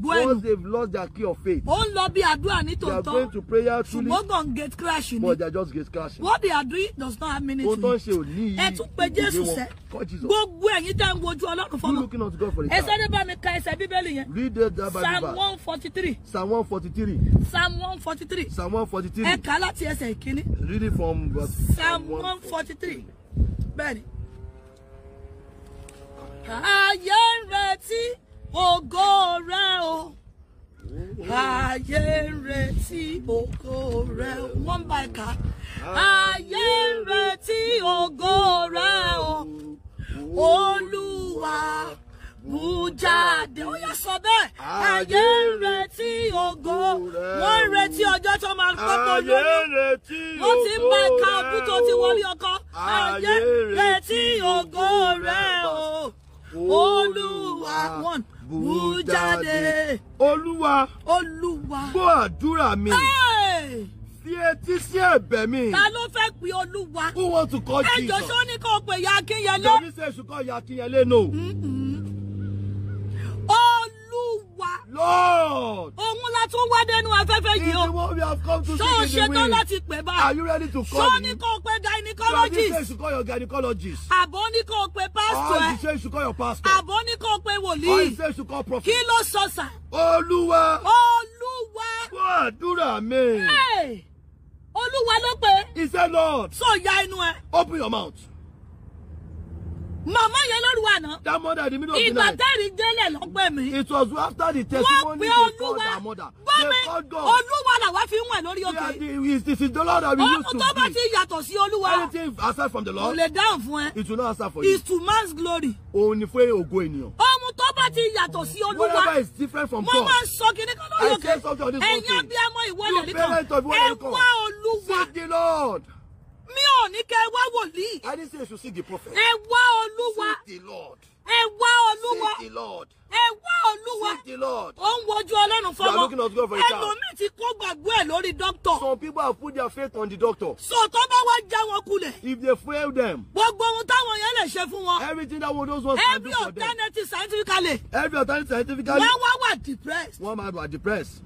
Because they've lost their key of faith. ó ń lọ bí àdúrà ní tòótọ́. they are going to prayer truly. ṣùgbọ́n gan gate but they are just gate crashing. what they are doing does not have meaning to me. o tó ń gbogbo ẹ̀yin tẹ́ ń wojú Ọlọ́run fọlọ́. you looking unto God for a time. ẹsẹ́ nípa mi ka ẹsẹ̀ bíbélì yẹn. read that bible verse. psalm one forty three. psalm one forty three. psalm one forty three. psalm one forty three. ẹ láti ẹsẹ̀ ìkíní. read it from verse. psalm one forty three. bẹ́ẹ̀ni. ayé ń retí ògo rẹ o ayé ń retí ògo rẹ one by car ayé ń retí ògo rẹ o olúwa bú jáde ó yẹ sọ bẹ́ẹ̀ ayé ń retí ògo wọ́n ń retí ọjọ́ tó máa kọ́kọ́ lóyún wọ́n ti ń bá ẹ̀ka ọdún ti wọlé ọkọ ayé ń retí ògo rẹ o olúwa one bù jáde. Olúwa. Olúwa. Gbọ́ àdúrà mi. Sí etí sí ẹ̀bẹ̀ mi. Ta ló fẹ́ pe Olúwa? Who want to call Jesus? Ẹjọ́ sọ kò pè ya Akínyẹlé. Torí ṣe èṣù kọ́ ya Akínyẹlé nù. Lord. Òun la tún wá dénú afẹ́fẹ́ yìí o. It's we have come to so seek in the wind. Ṣé ṣetán láti pè bá? Are you ready to call so me? Ṣé o ní pe gynecologist? So I need to call your gynecologist. Àbò ní kó o pe pastor ẹ. Or you say you should call your pastor. Àbò ní kó o pe wòlíì. Or you say you should call prophet. Kí ló sọ sà? Olúwa. Olúwa. Wọ́n àdúrà mi. Olúwa ló pe. He said Lord. So ya inú ẹ. Open your mouth. Màmá yẹn lóru àná. That mother the middle of the night. Ìgbà tẹ́rì délẹ̀ ló pè mí. It was after the testimony they called her mother. They called God. Olúwa làwa fi ń wẹ̀ lórí òkè. It is the Lord that we use to pray. Ohun tó bá ti yàtọ̀ sí Olúwa. Anything aside from the Lord. Kò lè dáhùn fún ẹ. It will not answer for you. It's to man's glory. Òun ni fún ògo ènìyàn. Ohun tó bá ti yàtọ̀ sí Olúwa. Whatever is different from God. Mo máa ń sọ kìíní kan lórí òkè. I say something on this one thing. Ẹ̀yin abiyamọ ìwọlẹ̀ nìkan. Ẹ Olúwa. Seek the Lord mi ò ní kẹ́ ẹ wá wòlíì. I didn't say you should seek the prophet. ẹ wá olúwa. Seek the Lord. ẹ wá olúwa. Seek the Lord. ẹ wá olúwa. Seek the Lord. ó ń wojú ọlọ́run fọmọ. You are looking at God for a child. ẹlòmíì ti kó gbàgbọ́ ẹ̀ lórí doctor. Some people have put their faith on the doctor. so tó bá wá já wọn kulẹ̀. If they fail them. gbogbo ohun táwọn yẹn lè ṣe fún wọn. Everything that one those ones can do for them. Every alternative scientifically. Every alternative scientifically. wọ́n wá wà depressed. wọ́n máa wà depressed.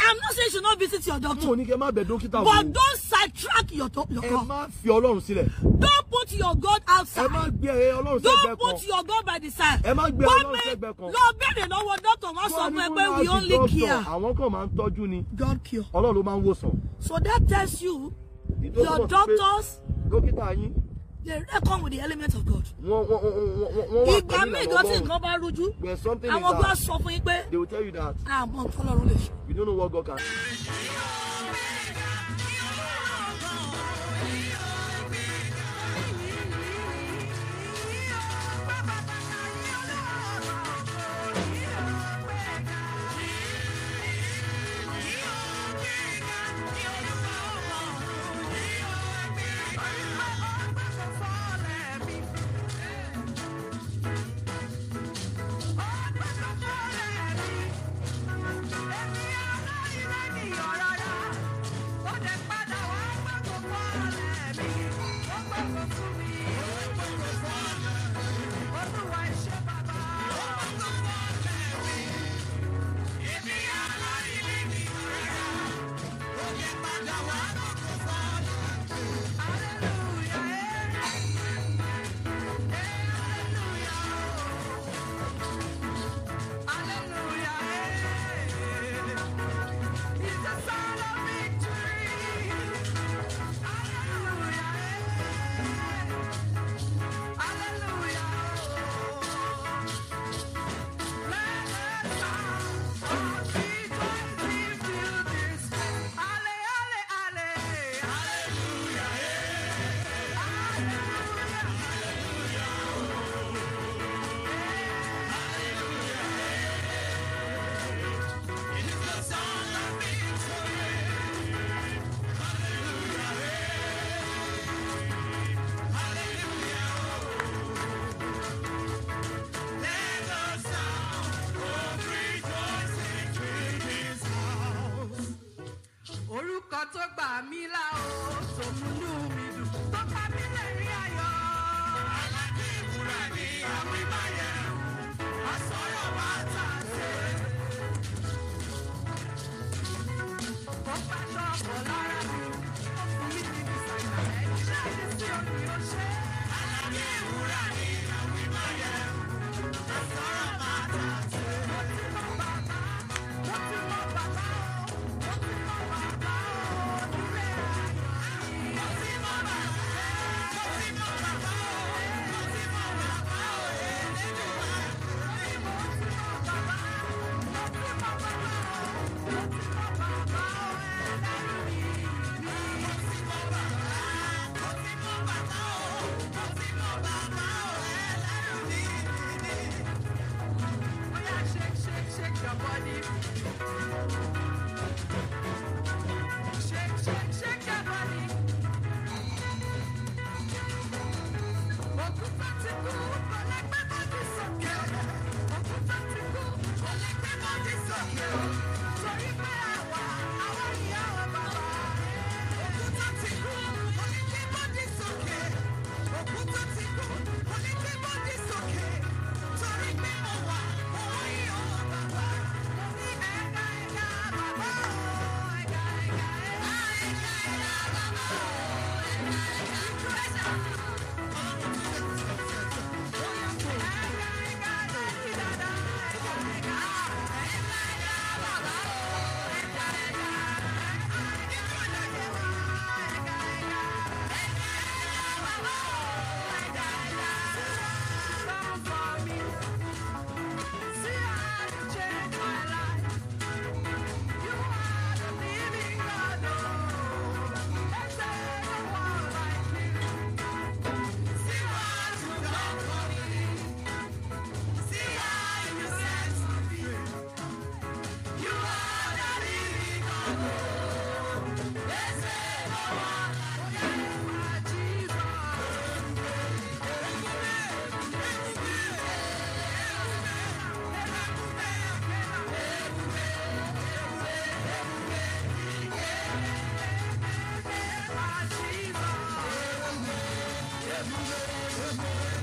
I'm not saying you should not visit your doctor. Mo ní kí ẹ má bẹ̀ dókítà But don't sidetrack your your God. Don't put your God outside. Don't put your God by the side. One man, gbé Ọlọ́run sẹ́gbẹ́ one Lọ bẹ̀rẹ̀ lọ́wọ́ dọ́tọ̀ wá we only care. Àwọn kan máa ń tọ́jú ni. God cure. So that tells you your doctors they reckon with the element of God. wọ́n wọ́n wọ́n wọ́n wà ìgbà míì gan tí nǹkan bá rújú àwọn gbọ́dọ̀ sọ fún yín pé àmọ́ nǹkan lọ́rùn lè ṣe. you don't know what God can do. Música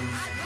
Thank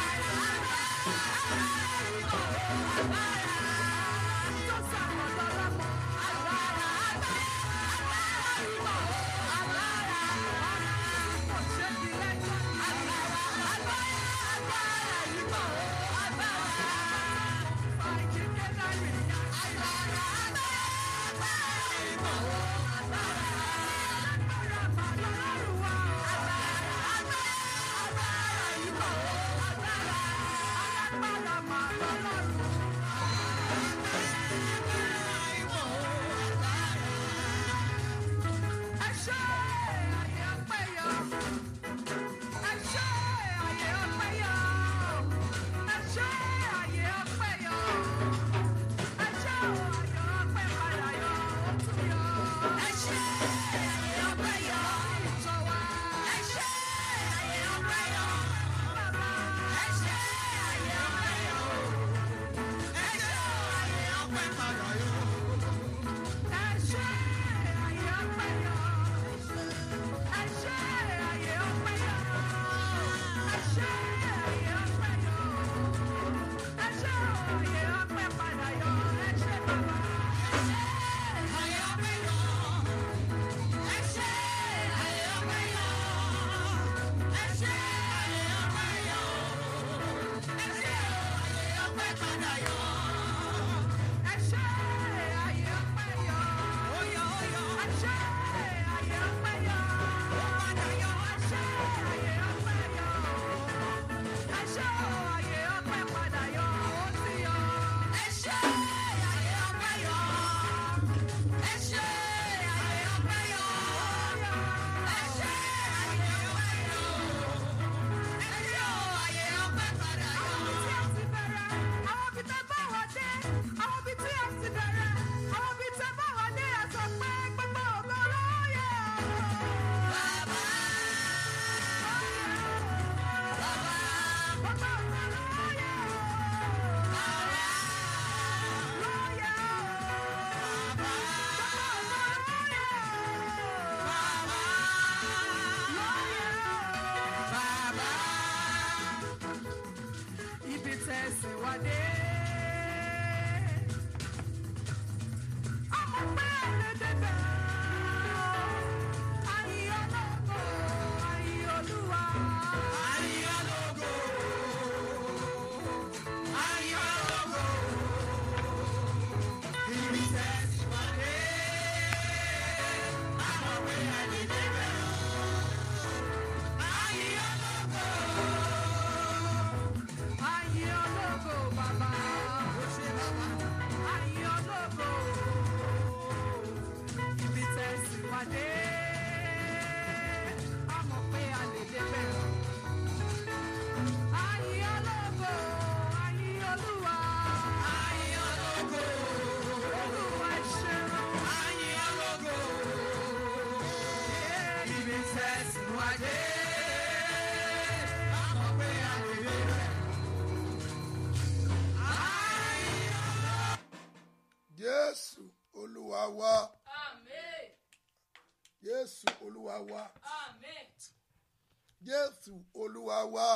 jésù olúwa wá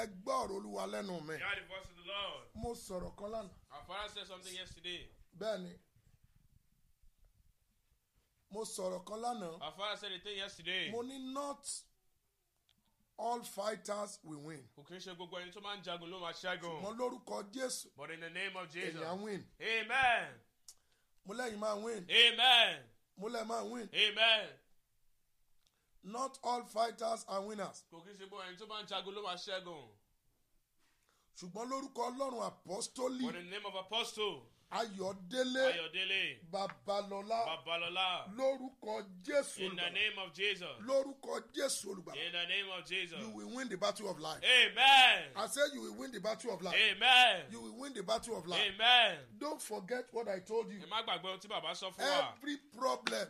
ẹ gbọ́ ọ̀rọ̀ olúwa lẹ́nu mi mo sọ̀rọ̀ kan lánàá. our father said something yesterday. bẹ́ẹ̀ni mo sọ̀rọ̀ kan lánàá. our father said the yesterday. mo ní not all fighters We win. kò kí n ṣe gbogbo ẹni tó máa ń jagun ló máa ṣẹ́gun. ṣùgbọ́n lórúkọ jésù. but in the name of jesus. èèyàn win. amen. mo lẹ́yìn máa win. amen. mo lẹ́yìn máa win. amen. Not all fighters are winners. Kò kí n ṣe bó ẹni tó bá ń jagun ló máa ṣẹ́gun. Ṣùgbọ́n lórúkọ Ọlọ́run apostoli. For the name of apostle. Ayọ̀délé. Ayọ̀délé. Babalọ́lá. Babalọ́lá. Lórúkọ Jésù. In the name of Jesus. Lórúkọ Jésù In the name of Jesus. You will win the battle of life. Amen. I said you will win the battle of life. Amen. You will win the battle of life. Amen. Don't forget what I told you. Every problem.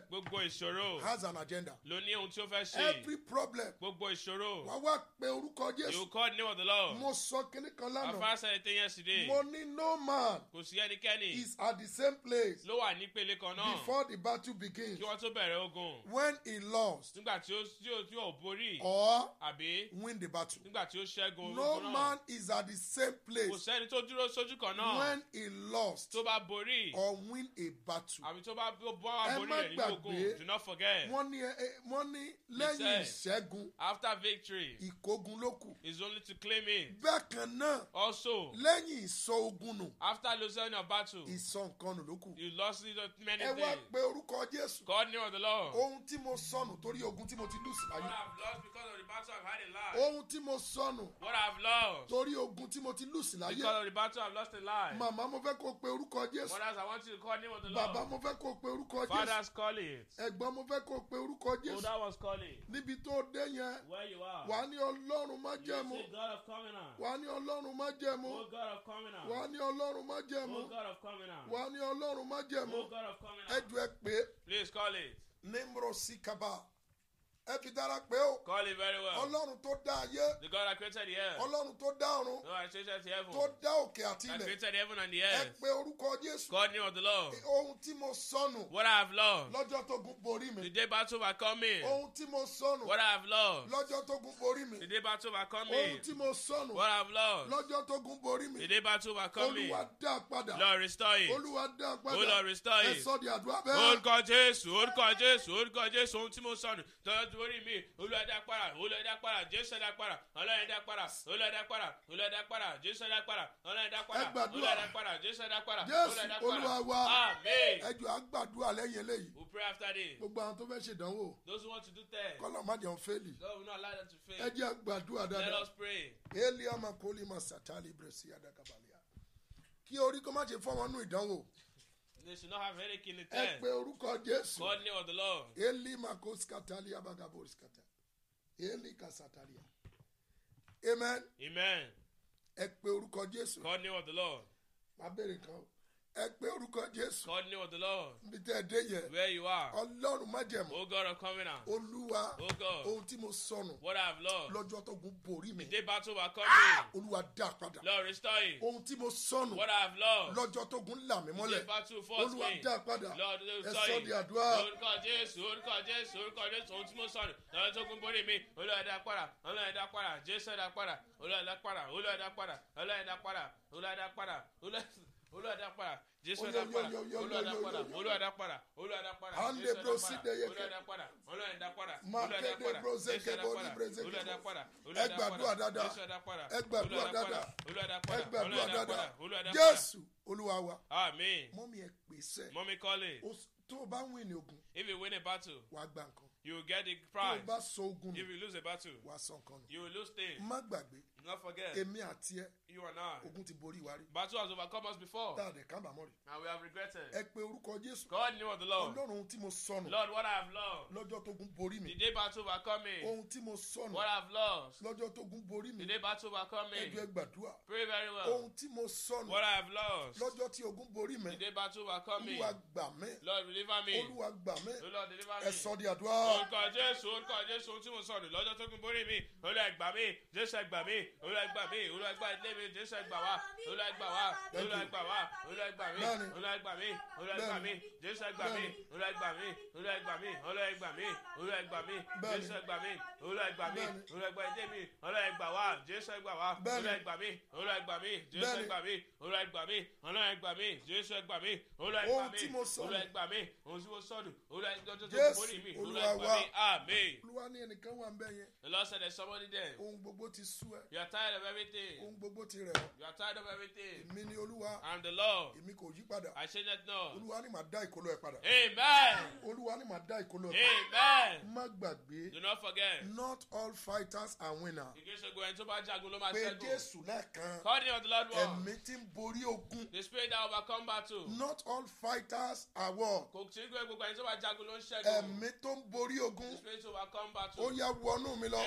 Has an agenda. Every problem. Gbogbo pe orúkọ Jésù. You called the name of the Lord. Mo sọ kíní kan lánàá. Bàbá sẹ́yìn tẹ́yẹ̀ sídè. Mo ní no man. Kò sí ẹnikẹ́ni. is at the same place. ló wà ní pele kan náà. before the battle begins. kí wọ́n tó bẹ̀rẹ̀ ogun. when he lost. nígbà tí ó tí ó tí ó borí. or àbí. win the battle. nígbà tí ó ṣẹ́gun ogun náà. no man is at the same place. kò sẹ́ni tó dúró sójú kan náà. when he lost. tó bá borí. or win a battle. àbí tó bá bá borí rẹ̀ ní ogun. do not forget. wọ́n ní wọ́n ní lẹ́yìn ìṣẹ́gun. after victory. ìkógun ló kù. is only to claim it. bẹ́ẹ̀ kan náà. also. lẹ́yìn ìsọ ogun nù. after losing your battle do. ìsọǹkanù ló kù. you lost many things. ẹ wá pe orúkọ jésù. God name of the Lord. ohun tí mo sọnù torí ogun tí mo ti lù sí what I have lost because of the battle I have had in life. ohun tí mo sọnù. what I have lost. torí ogun tí mo ti lù sí because of the battle I have lost in life. màmá mo fẹ́ kó pe orúkọ Jesus. Fathers, I want you to call the name of the Lord. Bàbá mo fẹ́ kó o pe orúkọ Jésù. Fathers, call it. Ẹ̀gbọ́n mo fẹ́ kó o pe orúkọ Jésù. Older ones, call it. Níbi tó dé yẹn. Where you are. Wà á ní Ọlọ́run má jẹ́ mu. You say God of Covenant. Wà á ní Ọlọ́run má jẹ́ mu. O oh, God of Covenant. Wà á ní Ọlọ́run má jẹ́ mu. O oh, God of Covenant. Wà á ní Ọlọ́run má jẹ́ mu. O oh, God of Covenant. Ẹ jù ẹ pé. Please call it. Nimro Sikaba ẹ fi dára pé o. call it very well. ọlọ́run tó dá ayé. the God that created the earth. ọlọ́run tó dá ọ̀run. the God that created the heaven. tó dá òkè àti ilẹ̀. that created heaven and the earth. ẹ pe orúkọ Jésù. God name of the Lord. ohun tí mo sọnù. what I have lost. lọ́jọ́ tó gun borí mi. the day battle will coming. ohun tí mo sọnù. what I have lost. lọ́jọ́ tó gun borí mi. the day battle will coming. ohun tí mo sọnù. what I have lost. lọ́jọ́ tó gun borí mi. the day battle will coming. olúwa dá padà. Lord restore it. olúwa dá padà. o oh, Lord restore it. ẹ sọ di àdúrà bẹ́ẹ̀. orúkọ Jésù orúkọ Jésù orúkọ Jésù ohun tí mo sọnù ti borí mi olúwa dá padà olúwa dá jésù dá padà ọlọ́run dá jésù dá padà jésù dá jésù olúwa ẹjọ agbàdúrà lẹ́yìn eléyìí pray gbogbo àwọn tó fẹ́ ṣe ìdánwò those who want to do test kọ́lọ̀ má jẹun fẹ́lì ẹjọ agbàdúrà dáadáa let us pray eli ọmọ adakabalẹ̀ kí orí kọ́ má ṣe fọ́ wọn nú ìdánwò. They should not have headache in the tent. Ẹ pé orúkọ Jésù. God name of the Lord. Eli Makos Katalia Bagabos Kata. Eli Kasatalia. Amen. Amen. Ẹ pé orúkọ Jésù. God name of the Lord. Má bèrè kan o ẹ pé orúkọ jésù. call name of the lord. níbi tẹ́ ẹ dé where you are. ọlọ́run májẹ̀mú. o god of covenant. olúwa. o god. ohun tí mo sọnù. what i have lost. lọ́jọ́ tógun borí mi. the day battle was coming. olúwa dá padà. lord restore it. ohun tí mo sọnù. what i have lost. lọ́jọ́ tógun là mí mọ́lẹ̀. the day battle force me. olúwa dá padà. lord restore it. ẹ sọ di àdúrà. orúkọ jésù orúkọ jésù orúkọ jésù ohun tí mo sọnù. lọ́jọ́ tógun borí mi. olúwa dá padà olúwa dá padà jésù dá padà olúwa olùwàdà para jésù àdá para olùwàdà para olùwàdà para olùwàdà para jésù àdá para olùwàdà para olùwàdà para jésù àdá para olùwàdà para ẹgbàdúrà dada ẹgbàdúrà dada ẹgbàdúrà dada jésù olúwa wa mọ́mí ẹ pèsè mọ́mí kọ́lé tó o bá ń win ogun if you win a battle wàá gba nǹkan you get the prize if you lose a battle wàá san nǹkan nù má gbàgbé not forget. èmi àti ẹ. you and I. ogun ti borí wa battle has overcome us before. tá a dẹ̀ kán bàmọ́ rí. and we have regretted. ẹ pe orúkọ jésù. God name of the lord. ọlọ́run tí mo sọnù. lord what I have lost. lọ́jọ́ tógun borí mi. the day battle overcome me. ohun tí mo sọnù. what I have lost. lọ́jọ́ tógun borí mi. the day battle overcome me. ẹ jẹ́ gbàdúrà. pray very well. ohun tí mo sọnù. what I have lost. lọ́jọ́ tí ogun borí mi. the day battle overcome me. olúwa gbà mí. lord deliver me. olúwa gbà mí. olúwa deliver me. ẹ sọ di àdúrà. orúkọ jésù orúkọ jésù ohun tí mo sọnù lọ́jọ́ tógun borí mi. olúwa gbà mí jésù gbà mí olúwa gbà mí olúwa gbà ilé mi jésù gbà wá olúwa gbà wá olúwa gbà wá olúwa gbà mí olúwa gbà mí olúwa gbà mí jésù gbà mí olúwa gbà mí olúwa gbà mí olúwa gbà mí olúwa gbà mí jésù gbà mí olúwa gbà mí olúwa gbà ilé mi olúwa gbà wá jésù gbà wá olúwa gbà mí olúwa gbà mí jésù gbà mí olúwa gbà mí olúwa gbà mí jésù gbà mí olúwa gbà mí olúwa gbà mí ohun tí mo sọnù olúwa gbà tó tó kó ní mi olúwa gbà mí amen. olúwa ní ẹnìkan wà ń bẹ yẹn. the lord said there is somebody there. ohun gbogbo ti sú ẹ. You are tired of everything. ohun gbogbo ti rẹ̀. you are tired of everything. èmi ni olúwa. and the lord. èmi kò yí padà. i say that no. olúwa ni màá dá ìkólọ ẹ padà. amen. olúwa ni màá dá ìkólọ ẹ padà. amen. má gbàgbé. do not forget. not all fighters are winners. ìgbésẹ̀gun ẹni tó bá jagun ló máa ṣẹ́gun. pé jésù lẹ́ẹ̀kan. call the lord one. ẹ̀mí ti ń borí ogun. the spirit that overcome battle. not all fighters are war. kò tí gbé gbogbo ẹni tó bá jagun ló ń ṣẹ́gun. ẹ̀mí tó ń borí ogun. the spirit overcome battle. ó yá wọnú mi lọ.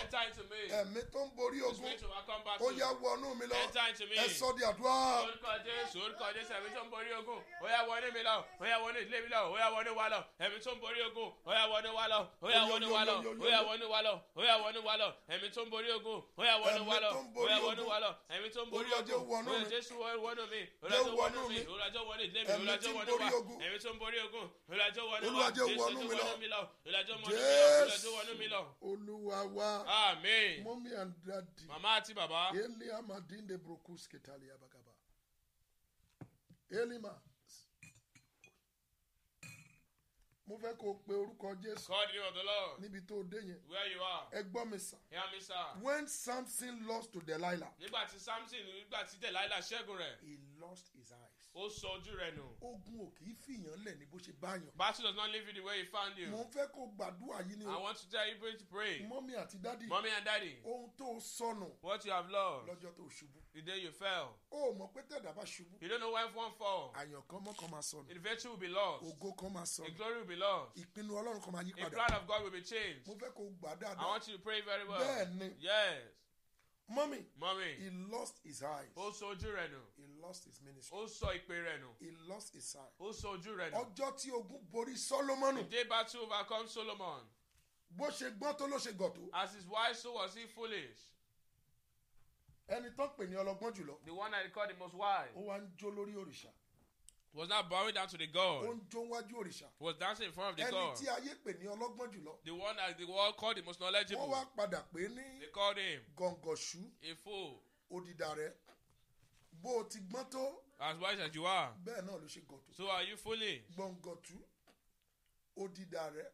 enter come back to. ó yá wọnú mi lọ. enter into me. ẹ sọ di àdúrà. orúkọ jésù orúkọ jésù ẹ̀mí tó ń borí ogun ó yá wọnú mi lọ ó yá wọnú ilé mi lọ ó yá wọnú wa lọ ẹ̀mí tó ń borí ogun ó yá wọnú wa lọ ó yá wọnú wa lọ ó yá wọnú wa lọ ó yá wọnú wa lọ ẹ̀mí tó ń borí ogun ó yá wọnú wa lọ ó yá wọnú wa lọ ẹ̀mí tó ń borí ogun ó yá jésù wọnú mi olùwàjọ wọnú mi olùwàjọ wọnú ilé mi olùwàjọ wọnú wa ẹ̀mí tó ń borí ogun olùwàjọ wọnú wa jésù wọnú mi lọ olùwàjọ wọnú mi lọ olùwàjọ wọnú mi lọ. olúwa wa mọ́mí àǹdàdì. màmá àti rántí bàbá. eli amadinde brokus ketali abagaba eli ma mo fẹ́ kó o pe orúkọ jésù. call the name of the lord. níbi tó o dé yẹn. where you are. ẹ gbọ́ mi sà. hear me sà. when samson lost to delilah. nígbà tí samson nígbà tí delilah ṣẹ́gun rẹ̀. he lost his eye ó sọ ojú rẹ nù. ogun ò kì í fìyàn lẹ̀ ní bó ṣe báyàn. battle does not leave you the way he found you. mo ń fẹ́ kó gbàdúrà yín ni. i want to tell you to pray. mọ́mí àti dádì. mọ́mí and dádì. ohun tó sọnù. what you have lost. lọ́jọ́ tó ṣubú. the day you fell. o ò pé tẹ̀dá bá ṣubú. you don't know why one fall. àyàn kan mọ́ kan máa sọnù. the virtue will be lost. ògo kan máa sọnù. the glory will be lost. ìpinnu ọlọ́run kan máa yí padà. the plan of God will be changed. mo fẹ́ kó gbàdúrà. i want you to pray very well. bẹ́ẹ̀ yes. Mommy. Mommy. He lost his eyes. Ó sọ ojú rẹ̀ nù. He lost his ministry. Ó sọ ìpè rẹ̀ nù. He lost his sight. Ó sọ ojú rẹ̀ nù. Ọjọ́ tí ogun borí Solomon. The day battle overcome Solomon. Bó ṣe gbọ́n tó ló ṣe gọ̀ tó. As his wife so was he foolish ẹni tó ń pè ní ọlọgbọ́n jùlọ. the one i call the most wise. ó wá ń jó lórí òrìṣà was not bowing down to the god. ó ń jó wájú òrìṣà. was dancing in front of the god. ẹni tí ayé pè ní ọlọ́gbọ́n jùlọ. the one that the world called the most knowledgeable. wọ́n wá padà pé ní. they called him. gọ̀ǹgọ̀ṣù. a fool. òdìdà rẹ̀ bó o ti gbọ́n tó. as wise as you are. bẹ́ẹ̀ náà ló ṣe gọ̀tù. so are you fully. gbọ̀ǹgọ̀tù òdìdà rẹ̀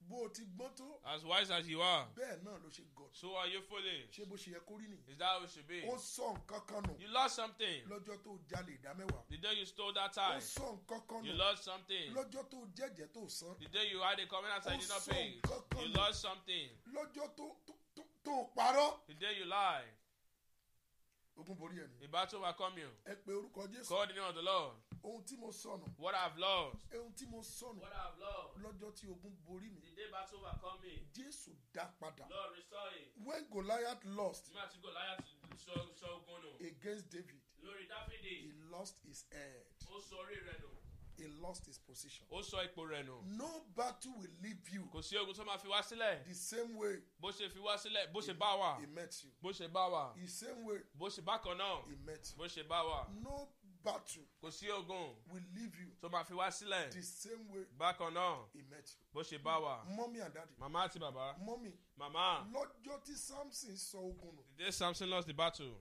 bó o ti gbọ́n tó. as wise as you are. bẹ́ẹ̀ náà ló ṣe gọ̀. so are you foolish. ṣé bó ṣe yẹ kó rí nìyí. is that how it should be. ó sọ nǹkan kan nù. you lost something. lọ́jọ́ tó jalè ìdá mẹ́wàá. the day you stole that time. ó sọ nǹkan kan nù. you lost something. lọ́jọ́ tó jẹ́jẹ́ tó san. the day you had a covenant and did not pay. ó sọ nǹkan kan nù. you lost something. lọ́jọ́ tó tó tó parọ́. the day you lie. ogun borí ẹni. ìbátò wa come you. ẹ pe orúkọ jésù. call the name of the lord ohun tí mo sọnù. what i have lost. ohun tí mo sọnù. what i have lost. lọ́jọ́ tí ogun borí mi. the day battle overcome me. jésù dá padà. lord restore it. when goliath lost. nígbà tí goliath sọ sọ ogun nù. against david. lórí dáfídì. he lost his head. ó sọ orí nù he lost his position. ó sọ ipò rẹ̀ nù. no battle will leave you. kò sí ogun tó máa fi wá sílẹ̀. the same way. bó ṣe fi wá sílẹ̀ bó ṣe bá wà. he met you. bó ṣe bá wà. the same way. bó ṣe bákan náà. he met you. bó ṣe bá wà. no battle. kò sí ogun. will leave you. tó máa fi wá sílẹ̀. the same way. bákan náà. he met you. bó ṣe bá wa. mọ́mí and daddy. màmá àti bàbá. mọ́mí. màmá. lọ́jọ́ tí samson sọ ogun nù. the day samson lost the battle.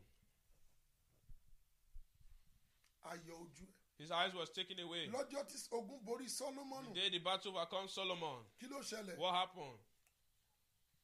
ayọ̀ ojú ẹ̀. His eyes was taken away. Lọ́jọ́ tí ogun borí Solomon. The day the battle overcome Solomon. Kí ló ṣẹlẹ̀? What happened?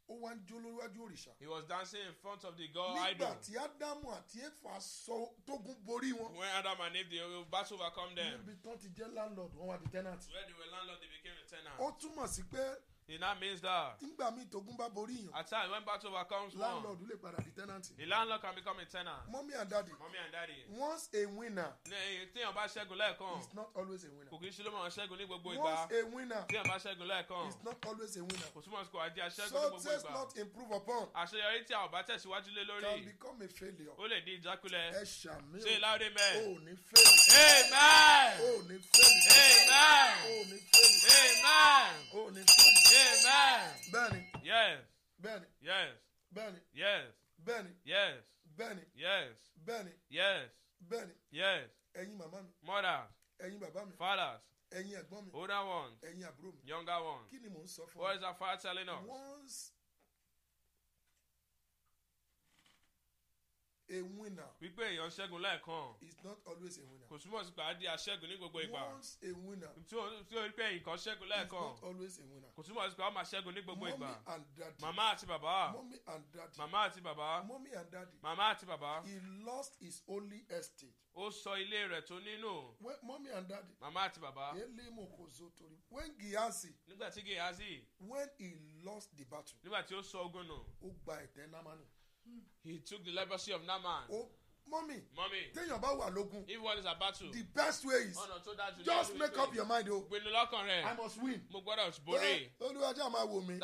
ó wá ń jó lóríwájú òrìṣà. he was dancing in front of the god idol. nígbà tí ádámù àti éfà sọ tógun borí wọn. when adam and eve dey pass overcome them. níbi tán ti jẹ́ landlord wọ́n wá di tenant. where they were landlord they became a tenant. ó túmọ̀ sí pé It now means that. Nígbà míì tógun bá borí yàn. At times when battle overcomes one. Landlord lè padà di tenant. The landlord can become a tenant. Mọ́mí and daddy. Mọ́mí and daddy. Once a winner. Ní eh, tíyàn bá ṣẹ́gun lẹ́ẹ̀kan. It's not always a winner. Kò kí n ṣe ló máa ṣẹ́gun ní gbogbo ìgbà. Once a winner. Tíyàn bá ṣẹ́gun lẹ́ẹ̀kan. It's not always a winner. Kò túmọ̀ sí kò àjẹ́ aṣẹ́gun ní gbogbo ìgbà. Success not improve upon. Àṣeyọrí tí a ò bá tẹ̀síwájú lé lórí. Can become a failure. Ó lè di ìjákulẹ̀. Ẹ ṣàmì amen. O ò ní Amen. O ò ní Amen. O ò ní Yes, Bẹ́ẹ̀ni. Yes. Bẹ́ẹ̀ni. Yes. Benny. Yes. Benny. Yes. Benny. Yes. Benny. Yes. Benny. Yes. Ẹ̀yin màmá mi. Mothers. Ẹ̀yin bàbá mi. Fathers. Ẹ̀yin ẹ̀gbọ́n mi. Older ones. Ẹ̀yin àbúrò mi. Younger ones. Kí ni mò ń sọ fún mi? What is our father telling us? Once a winner. wípé èèyàn ṣẹ́gun lẹ́ẹ̀kan. is not always a winner. kò súnmọ́ sí pàdé aṣẹ́gun ní gbogbo ìgbà. once a winner. tí o tí o rí pé nǹkan ṣẹ́gun lẹ́ẹ̀kan. is not always a winner. kò súnmọ́ sí pàdé ọmọ aṣẹ́gun ní gbogbo ìgbà. mommy and daddy. mama àti baba. mommy and daddy. mama àti baba. mommy and daddy. mama àti baba. he lost his only estate. ó sọ ilé rẹ̀ tó nínú. when mommy and daddy. mama àti baba. ele mo kò so torí. when gihazi. nígbà tí gihazi. when he lost the battle. nígbà tí ó sọ ogun nù. ó gba ẹ̀tẹ́ námánù he took the leprosy of Naaman. Oh mommy. mọ́mì téèyàn bá wà lógun if one is about to. the best way is just make up your mind o oh. pinnu lọ́kàn rẹ̀ i must win Oh, mo gbọ́dọ̀ borí eh, olùwàjà máa wò mí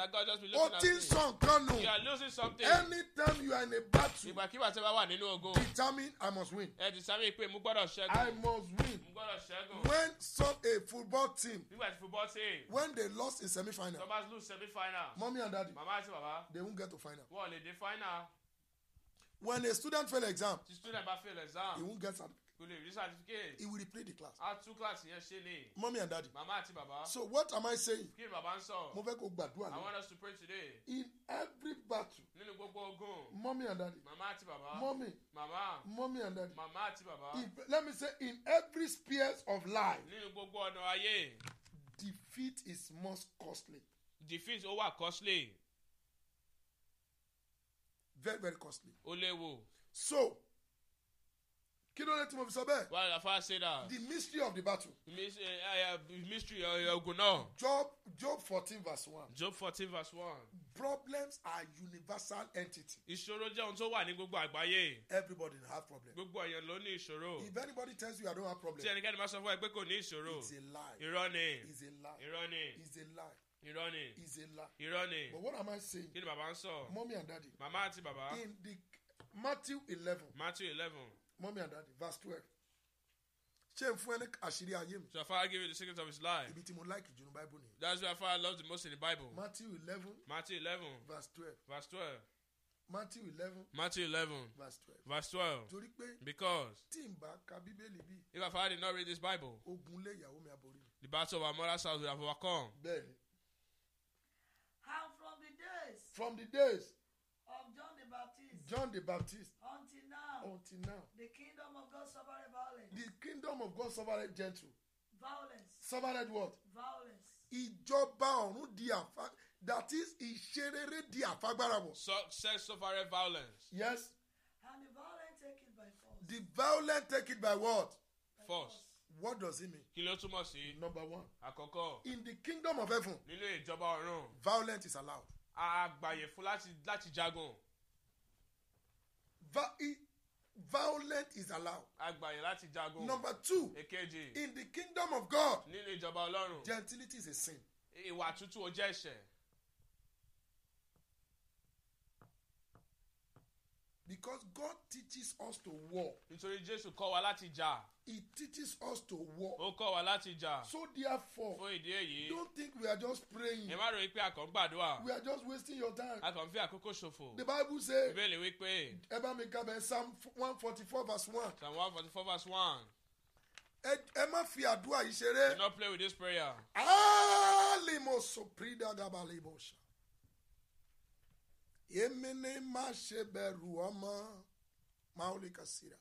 o ti ń sàn kan nù you are losing something anytime you are in a battle ìgbàkigbà keep o bá wà nínú go. determine i must win ẹ determine pay. mo gbọ́dọ̀ i must win mo gbọ́dọ̀ when some a football team nígbà tí football team when they lost in semi final Somebody lose semi final Mommy and daddy mama àti baba they won't get to final wọn ò lè final when a student fail exam. tí student bá fail exam. he won't get certificate kò lè certificate. he will replay the class. a two class yẹn ṣe lè. mọ́mí and dadi. Mama àti bàbá. so what am I saying. kí ni bàbá ń sọ. mo fẹ́ kó gbàdúrà lọ. I want us to pray today. in every battle. nínú gbogbo ogun. mọ́mí and dadi. màmá àti bàbá. mọ́mí. màmá. mọ́mí and dadi. màmá àti bàbá. let me say in every sphere of life. nínú gbogbo ọ̀nà ayé. defeat is most costly. defeat ó wà costly very very costly. ó léwu. so kí ló dé tí mo fi sọ bẹ́ẹ̀. wà á fà ṣe dà. the mystery of the battle. Eh, eh, mystery mystery. ogun náà. job job fourteen verse one. job fourteen verse one. problems are universal entity. ìṣòro jẹ́ ohun tó wà ní gbogbo àgbáyé. everybody have problem. gbogbo èèyàn ló ní ìṣòro. if anybody tells you i don't have problem. tí ẹnikẹ́ni máa sọ fún ẹ pé kò ní ìṣòro. it's a lie. irọ́ ni. it's a lie. irọ́ ni. it's a lie irọ́ ni is a lie irọ́ ni but what am I saying kí ni bàbá ń sọ mommy and daddy àti bàbá in the Matthew eleven Matthew eleven mommy and daddy verse twelve ṣé n fún ẹ àṣírí ayé mi. so far I give you the secret of his life. ibi tí mo like jù ní bible that's why far I love the most in the bible. Matthew eleven. Matthew eleven. verse twelve. verse twelve. Matthew 11. Matthew 11. verse 12. verse 12. because. tí n bá if I did not read this bible. ogun lé mi aborí the battle of amora south will have overcome. bẹ́ẹ̀ni From the days of John the Baptist. John the Baptist. Until now. Until now. The kingdom of God suffered violence. The kingdom of God suffered gentle. Violence. Suffered what? Violence. Ìjọba ọ̀run di àfa that is ìṣerere di àfagbára wọ̀. Success suffered violence. Yes. And the violent take it by force. The violent take it by what? force. What does he mean? Kí ló túmọ̀ sí? Number one. Àkọ́kọ́. In the kingdom of heaven. Nínú ìjọba ọ̀run. Violence is allowed àgbàyè fún láti láti jagun. violent is allowed. àgbàyè láti jagun. number two. èkejì. in the kingdom of God. nínú ìjọba ọlọ́run. gentility is a sin. ìwà tútù ó ẹ̀ṣẹ̀. because God teaches us to war. nítorí Jésù kọ́ wa láti jà. It teaches us to war. Ó kọ́ wa láti jà. So therefore. Fún ìdí èyí. Don't think we are just praying. Ẹ má ròyìn pé a kàn ń gbàdúrà. We are just wasting your time. A kàn fi àkókò ṣòfò. The bible say. Ìbéèrè wípé. Ẹ bá mi kábẹ̀ Psalm one forty four verse one. Psalm one forty four verse one. Ẹ má fi àdúrà yìí ṣeré. Do not play with this prayer. Álìmọ̀ sọ̀pìrìdà dábàlì ìbọ̀ṣà. Èmi ni má ṣe bẹ̀rù ọmọ Máolì Kàsíra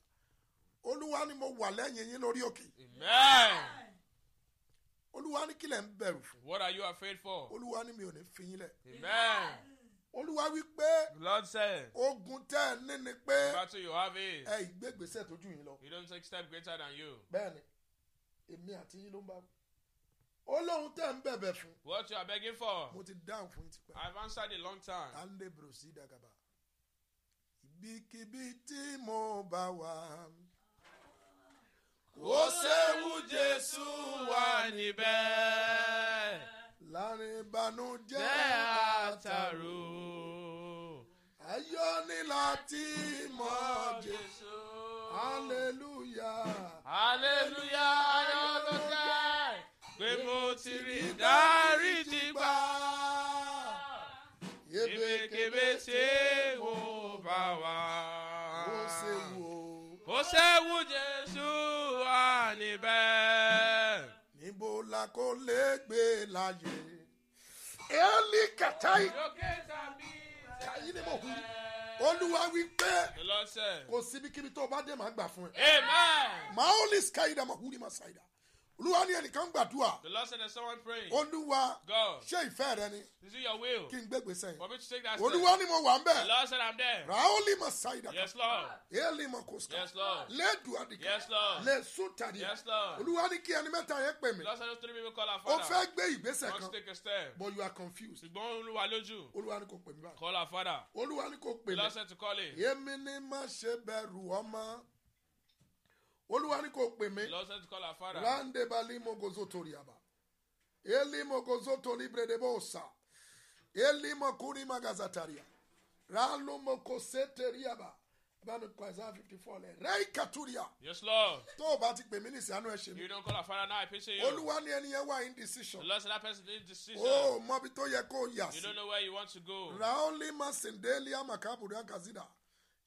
olúwa ni mo wà lẹ́yìn yín lórí òkè. amen. olúwa ní kílẹ̀ ń bẹ̀rù fún. what are you afraid for. olúwa ní mi ò ní fi lẹ̀. amen. olúwa wí pé. lord said. ogun tẹ́ ẹ ní ni pé. battle you have is. ẹ ìgbé tó jù yín lọ. you don't take step greater than you. bẹ́ẹ̀ni èmi àti yín ló ń bá wí ó lóun tẹ̀ ń bẹ̀bẹ̀ fún. what you are begging for. mo ti dáhùn fún yín tipẹ́. i have answered a long time. a ń lè bèrò sí ìdàgàbà. ibikíbi tí mo bá wà ó ṣeun jésù wà níbẹ̀. láàrin ìbànújẹ́ àtàrò. ayọ̀ ni láti mọ̀ jésù. hallelujah. hallelujah ayọ̀ ló jẹ́ pé mo ti rí dáríjì gbà. kébékébé ṣe wò bá wa. ó ṣe jésù. la kó lè gbé láyé. Eli kàtáì. Kàyí Olúwa wí pé kò síbikíbi tó o bá dé màá gbà fún ẹ. Màá ó lè ṣàyídà màá wúri màá ṣàyídà olúwa ní ẹnìkan gbàdúrà. the lord said that someone praying. olúwa God ṣé ìfẹ́ rẹ ni. is your will. kí n gbé gbèsè for me to take that step. olúwa ni mo wà ń bẹ̀. the lord said I'm there. raoli ma saida. yes lord. eli ma koska. yes lord. ledu adika. yes lord. le sutadi. yes lord. olúwa ní kí ẹni mẹ́ta yẹn pè mí. the lord said those three people call our father. o fẹ́ gbé ìgbésẹ̀ kan. take a step. but you are confused. ṣùgbọ́n olúwa lójú. olúwa ni kò pè mí báyìí. call our father. olúwa ni kò pè mí. the lord said to call him. yémi ni má ṣe bẹ̀rù ọmọ olúwa ní kò pè mí. lọ́sẹ̀ tí kọ́lá fara. láǹdé balí mogozo torí àbá eli mogozo torí bèrèdébò ọ̀sà eli mokuri magaza taria ralu mokose teri àbá bánu kọ ẹsẹ fifty four lẹ rẹ ikaturia. yes lord. tó o bá ti pè mí ní ìsìnàánú ẹ mi. you don call afara now i you. olúwa ni ẹni yẹn wà indecision. o mọ tó yẹ kó yà sí. you don't know where you want to go. raoli masindeli amakaburi ankazida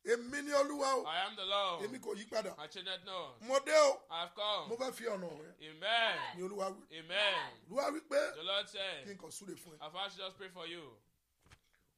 èmi ni olúwa o. I am the Lord. èmi kò yí padà. I change not now. mo dé o. come. mo fẹ́ fi ọ̀nà rẹ. amen. ni olúwa wí. amen. olúwa wí pé. the Lord said. kí n kàn súre fún ẹ. just pray for you.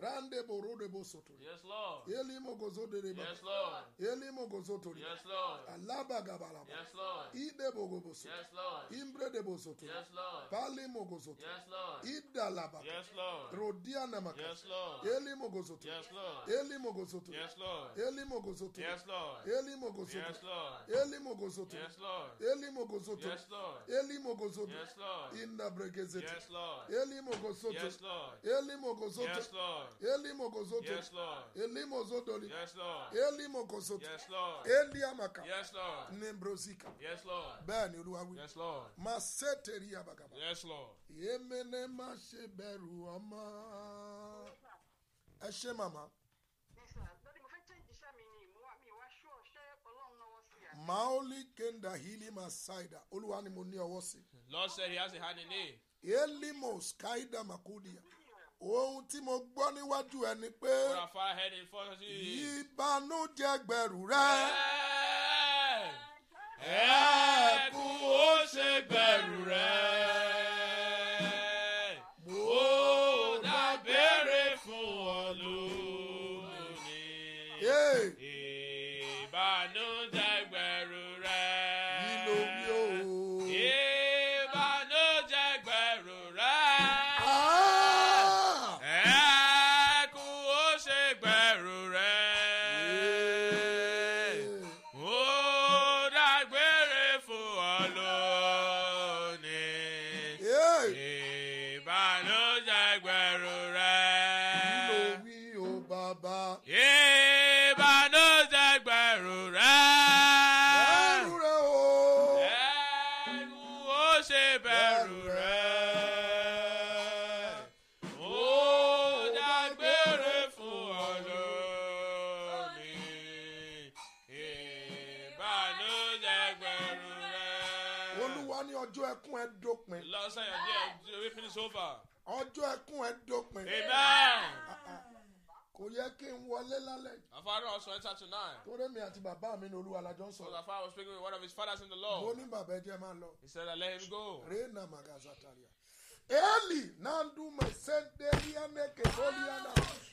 Rande borode bosoto. Yes, Lord. Elimo gozoto reba. Yes, Lord. Elimo gozoto reba. Yes, Lord. Alaba gabalaba. Yes, Lord. Ide bogo Yes, Lord. Imbre de bosoto. Yes, Lord. Palimo gozoto. Yes, Lord. Ida laba. Yes, Lord. Rodia namaka. Yes, Lord. Elimo gozoto. Yes, Lord. Elimo gozoto. Yes, Lord. Elimo gozoto. Yes, Lord. Elimo gozoto. Yes, Lord. Elimo gozoto. Yes, Lord. Elimo gozoto. Yes, Lord. Elimo gozoto. Yes, Lord. Inda bregezete. Yes, Lord. Elimo gozoto. Yes, Lord. Elimo gozoto. Yes, Lord. Yes Lord. Yes Lord. Yes, Lord. Yes Lord. Yes, Lord. Yes Lord. Yes, Lord. Eliamaka. Yes, Lord. Nembrosika. Yes, Lord. Bẹ́ẹ̀ni Olúwa wí. Yes, Lord. Máa ṣe tẹ̀rí abagaba. Yes, Lord. Yémene má ṣe bẹ̀rù ọmọ. Ẹ ṣé màmá. Maoli kenda hili masaida. Olúwa ni mo ní ọwọ́ sí. Lord said he has a hand in it. Elimo skaida makudia ohun tí mo gbọ́ níwájú ẹ ni pé ìbànújẹ́ gbẹ̀rù rẹ. ẹ̀ẹ́dẹ̀kùn ó ṣe gbẹ̀rù rẹ. dópin. Last night your day weeping is over. Ọjọ́ ẹkún ẹ dópin. Amen. Kò yẹ kí n wọlé lálẹ́. My father also entered tonight. Torí mi àti bàbá mi ní olúwa alájọ sọ. So my was speaking with one of his fathers in the Lord. Mo ní bàbá ẹjẹ máa lọ. He said I let him go. Reina Magazataria. Eli nandu mesende lianeke soliana.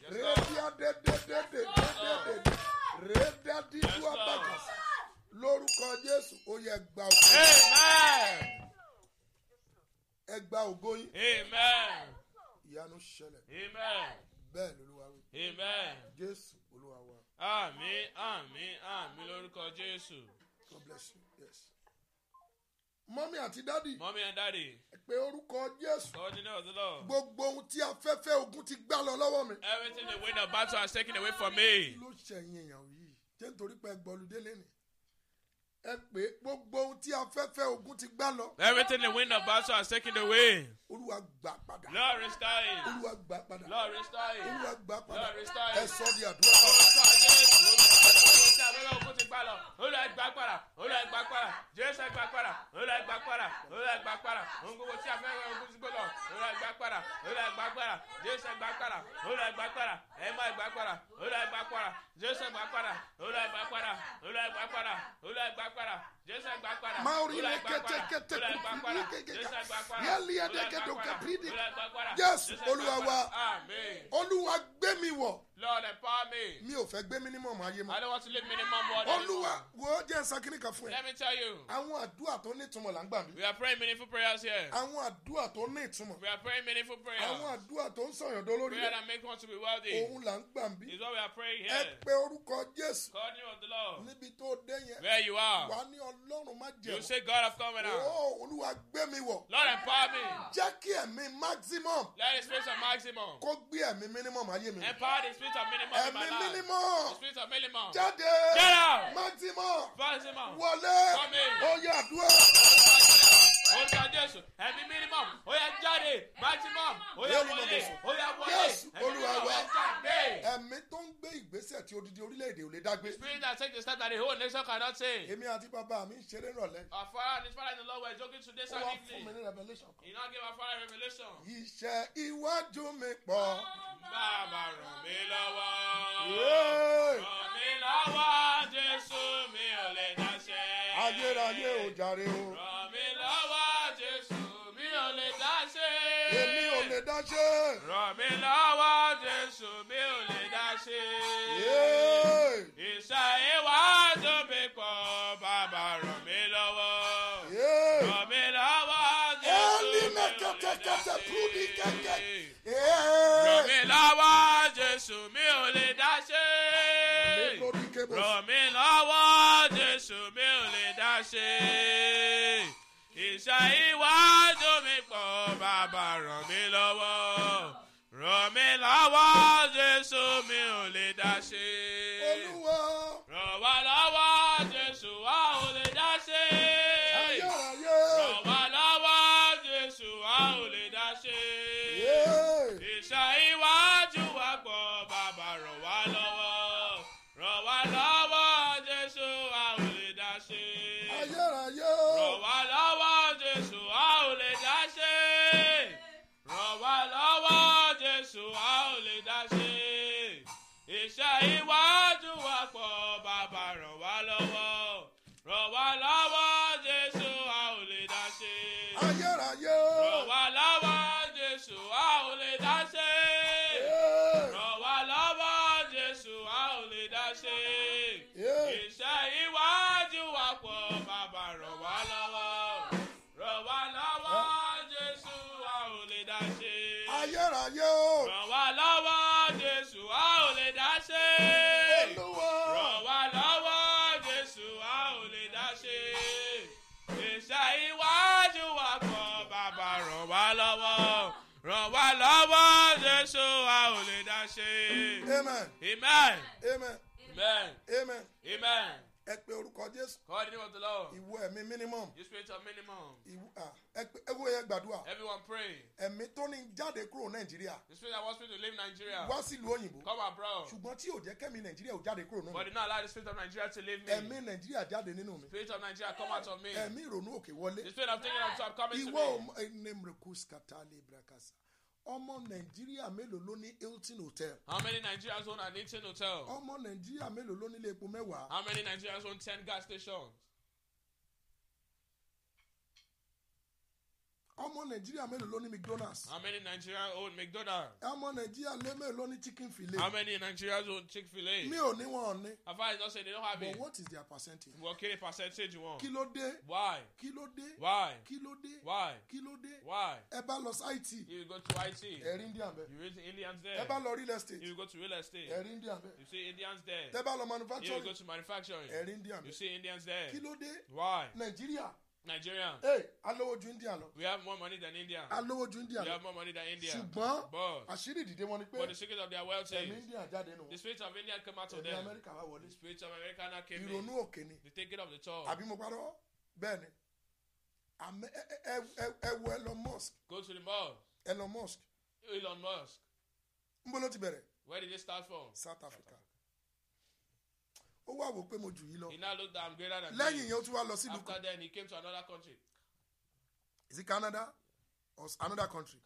Redia de de de de de de de. Redia di duabagas. Lórúkọ Jésù, ó yẹ gbà òkú. Amen ẹ gba ògo yín. amen. ìyanu ṣẹlẹ̀. amen. bẹ́ẹ̀ lolúwa wí. amen. jésù olúwa wa. àmín àmín àmín lórúkọ jésù. God bless you yes. mọ́mí àti dádì. mọ́mí àti dádì. pé orúkọ jésù. lord ní ọ̀sán lọ. gbogbo ohun tí afẹ́fẹ́ ogun ti gbà lọ lọ́wọ́ mi. everything the way the battle has taken away from me. ló ṣẹ̀yìn èèyàn yìí jẹ́ nítorí pé gbọ́lùdé lénìí ẹ pé gbogbo ohun tí afẹ́fẹ́ ogun ti gbá lọ. everything the wind of battle has taken away. olúwa gbà padà. lord restore it. olúwa gbà padà. lord restore it. olúwa gbà padà. lord restore it. ẹ sọ di àdúrà. olùkọ́ ajé lọ́lọ́ kó ti gbà lọ olúwa gba agbára olúwa gba agbára jésù gba agbára olúwa gba agbára olúwa gba agbára ohun gbogbo tí a fẹ́ rẹ ogun sígbó lọ olúwa gba jésù gba agbára ẹ̀ma gba agbára jésù gba agbára olúwa gba Maurine kete kete kubiri kekeka yali ade kedo kapridi Jésù Olúwa wa Olúwa gbé mi wọ̀. Lord empower me. Mi ò fẹ́ ayé mọ́. I don't want to live minimum order. Olúwa wo jẹ́ nsọ kíní fún ẹ. Let me tell you. Àwọn àdúrà tó ní ìtumọ̀ là ń gbà mí. We are praying meaningful prayers here. Àwọn àdúrà tó ní ìtumọ̀. We are praying meaningful prayers. Àwọn àdúrà tó ń sọ̀yàn dó lórí. Prayer that make one to be wealthy. Òun là ń gbà mí. Is what we are praying here. Ẹ pe orúkọ Jésù. Call the of the Lord. Níbi tó dé yẹn. Where you are. Wà ní ọl ọlọ́run má jẹ̀wọ́. you say God have come and out. oh olúwa gbé mi wọ̀. lord empower me. jẹ́ kí ẹ̀mí maximum. let the spirit of maximum. kó gbé ẹ̀mí minimum ayé mi. empower the spirit of minimum ẹ̀mí minimum. the spirit of minimum. jáde. get out. maximum. maximum. wọlé. come in. oyè àdúrà orúkọ jésù ẹ̀mí mímọ́ ó yá jáde maximum ó yá wọlé ó yá wọlé ẹ̀mí mímọ́ ó yá jáde. ẹ̀mí tó ń gbé ìgbésẹ̀ tí odidi orílẹ̀-èdè ò lè dágbé. spirit that take the step that the whole nation cannot take. èmi àti bàbá mi ń ṣeré rọ̀lẹ́. afárá ní fara ní lọ́wọ́ ìjókòó tún dé sáà nílé. ó wá fún mi ní revolution kan. iná gé afárá revolution. iṣẹ́ iwájú mi pọ̀. bàbá ràn mí lọ́wọ́. ràn mí lọ́wọ́ jésù mi ò lè dáṣẹ́. ayérayé ò jàre o. ràn mí lọ́wọ́. ò lè ò lè dá ṣe. ràn mí mi ò lè dá ṣe. ìṣàyẹ̀ wá tó mi pọ̀ bàbá ràn mí lọ́wọ́. mí lọ́wọ́ jésù mi dá ṣe. ràn mí lọ́wọ́ jésù ò lè dá ṣe. mi ò mi lowo jesu mi o le da se lowo ṣe. Òrìṣà iwájú mi pọ̀ bàbá ràn mí lọ́wọ́ ràn mí lọ́wọ́ Jésù mi ò lè dá ṣe. Amen. Amen. Amen. Amen. Amen. Amen. ẹ pe orúkọ jésù. call the name of the lord. ìwọ ẹ̀mí minimum. you spirit of minimum. ìwọ ẹ pe ẹ wo yẹn gbàdúrà. everyone pray. ẹ̀mí tó ní jáde kúrò nàìjíríà. the spirit that wants me to leave nigeria. wá sílùú òyìnbó. come abroad. ṣùgbọ́n tí yóò jẹ́ kẹ́mi nàìjíríà ò jáde kúrò náà. but did not allow the spirit of nigeria to leave me. ẹ̀mí nàìjíríà jáde nínú mi. spirit of nigeria come out of me. ẹ̀mí ìrònú òkè wọlé. the spirit of thinking of top coming to me. ìwọ ọmọ nàìjíríà mélòó ló ní hilton hotel. how many nigerians own an hilton hotel. ọmọ nàìjíríà mélòó ló ní epo mẹ́wàá. how many nigerians own ten gas stations. ọmọ nàìjíríà mélòó ló ní mcdonalds. how many nigerians own mcdonalds. ọmọ nàìjíríà lé mélòó ló ní chicken fillet. how many nigerians own chicken fillet. mi ò ní wọn ò ní. afa is not say they don't have but it. but what is their percentage. wọ́n kí ni percentage wọn. kí ló dé. why. kí ló dé. why. kí ló dé. why. kí ló dé. why. ẹ bá lọ sí it. you go to it. ẹ̀rí indian bẹ́ẹ̀. you read indians there. ẹ bá lọ real estate. you go to real estate. ẹ̀rí indian bẹ́ẹ̀. you see indians there. tẹ bá lọ manufacturing. you go to manufacturing. ẹ̀rí indian bẹ́ẹ̀. you see indians there. kí ló dé. why. nàìjíríà. Nigerian. Hey, alówó ju India lọ. We have more money than India. Alówó ju India lọ. We have more money than India. Ṣùgbọ́n àṣírí ìdìde wọn ni pé. But the secret of their wealth is. Ẹ̀mí India jáde nù. The spirit of India came out of them. Ẹ̀mí Amẹ́ríkà wá wọlé. The spirit of America now came in. Ìrònú òkè ni. The taking of the tour. Àbí mo parọ́? Bẹ́ẹ̀ni. Ẹ wo Elon Musk. Go to the mall. Elon Musk. Elon Musk. N bolo ti bẹ̀rẹ̀. Where did it start from? South Africa ó wà wò pé mo jù yín lọ. he now looked down greater than me. lẹ́yìn yẹn ó tún wá lọ sílùú kan. after then he came to another country. is it canada or another country.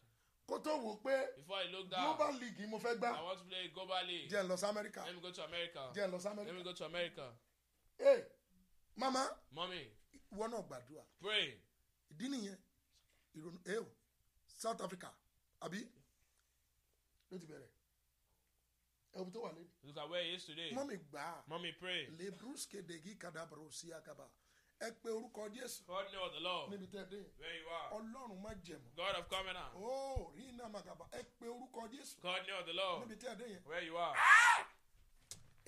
kó tó wò pé global league mo fẹ́ gbá. i want to play global league. jẹ́ n lọ sí america. let me go to america. jẹ́ n lọ sí america. let me go to america. ee hey, mama. mami. ìwọ náà gbàdúrà. pray. ìdí nìyẹn ìrònú ee eh, oh, south africa àbí ló ti bẹ̀rẹ̀ ẹ̀wù tó wà lé. look at where he is today. mọ́mí gbà. mọ́mí pray. le bruske degi kadabro si akaba. ẹ pe orúkọ jésù. God know the law. níbi tẹ́ dé. where you are. ọlọ́run má jẹ̀mọ́. God of covenant. oh rí iná màkàbà ẹ pe orúkọ jésù. God know the law. níbi tẹ́ dé yẹn. where you are. Ah!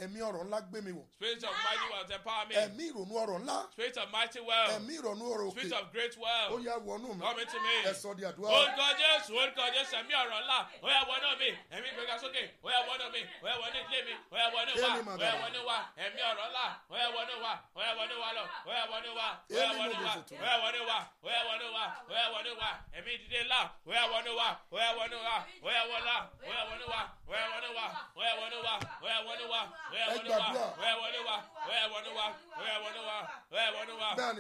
ẹ̀mí ọ̀rọ̀ ńlá gbé mi wọ̀. spirit of mighty wealth empower me. ẹ̀mí ìrònú ọ̀rọ̀ ńlá. spirit of mighty wealth. ẹ̀mí ìrònú ọ̀rọ̀ òkè. spirit of great wealth. ó yà wọnú mi. come into me. ẹ̀sọ́ di àdúrà. orúkọ jésù orúkọ jésù ẹ̀mí ọ̀rọ̀ ńlá ó yà wọnú mi ẹ̀mí gbẹ̀gà sókè ó yà wọnú mi ó yà wọnú ilé mi ó yà wọnú wa ó yà wọnú wa ẹ̀mí ọ̀rọ̀ ńlá ó yà wọnú wa ó yà wọnú wa lọ ó yà wọnú wa ó yà wọnú wa ó yà wọnú wa ó yà wọnú wa ó yà wọnú wa ẹ̀mí ìdílé ńlá ó yà wọnú wa ó yà wọnú wa ó yà wọnú wa ó yà wọnú wa where ni where wẹ́wọ́n where wà where ni where wẹ́wọ́n ni wà wẹ́wọ́n ni wà. ọ̀yà wọnú wa ọ̀yà wọnú wa ọ̀yà wọnú wa wa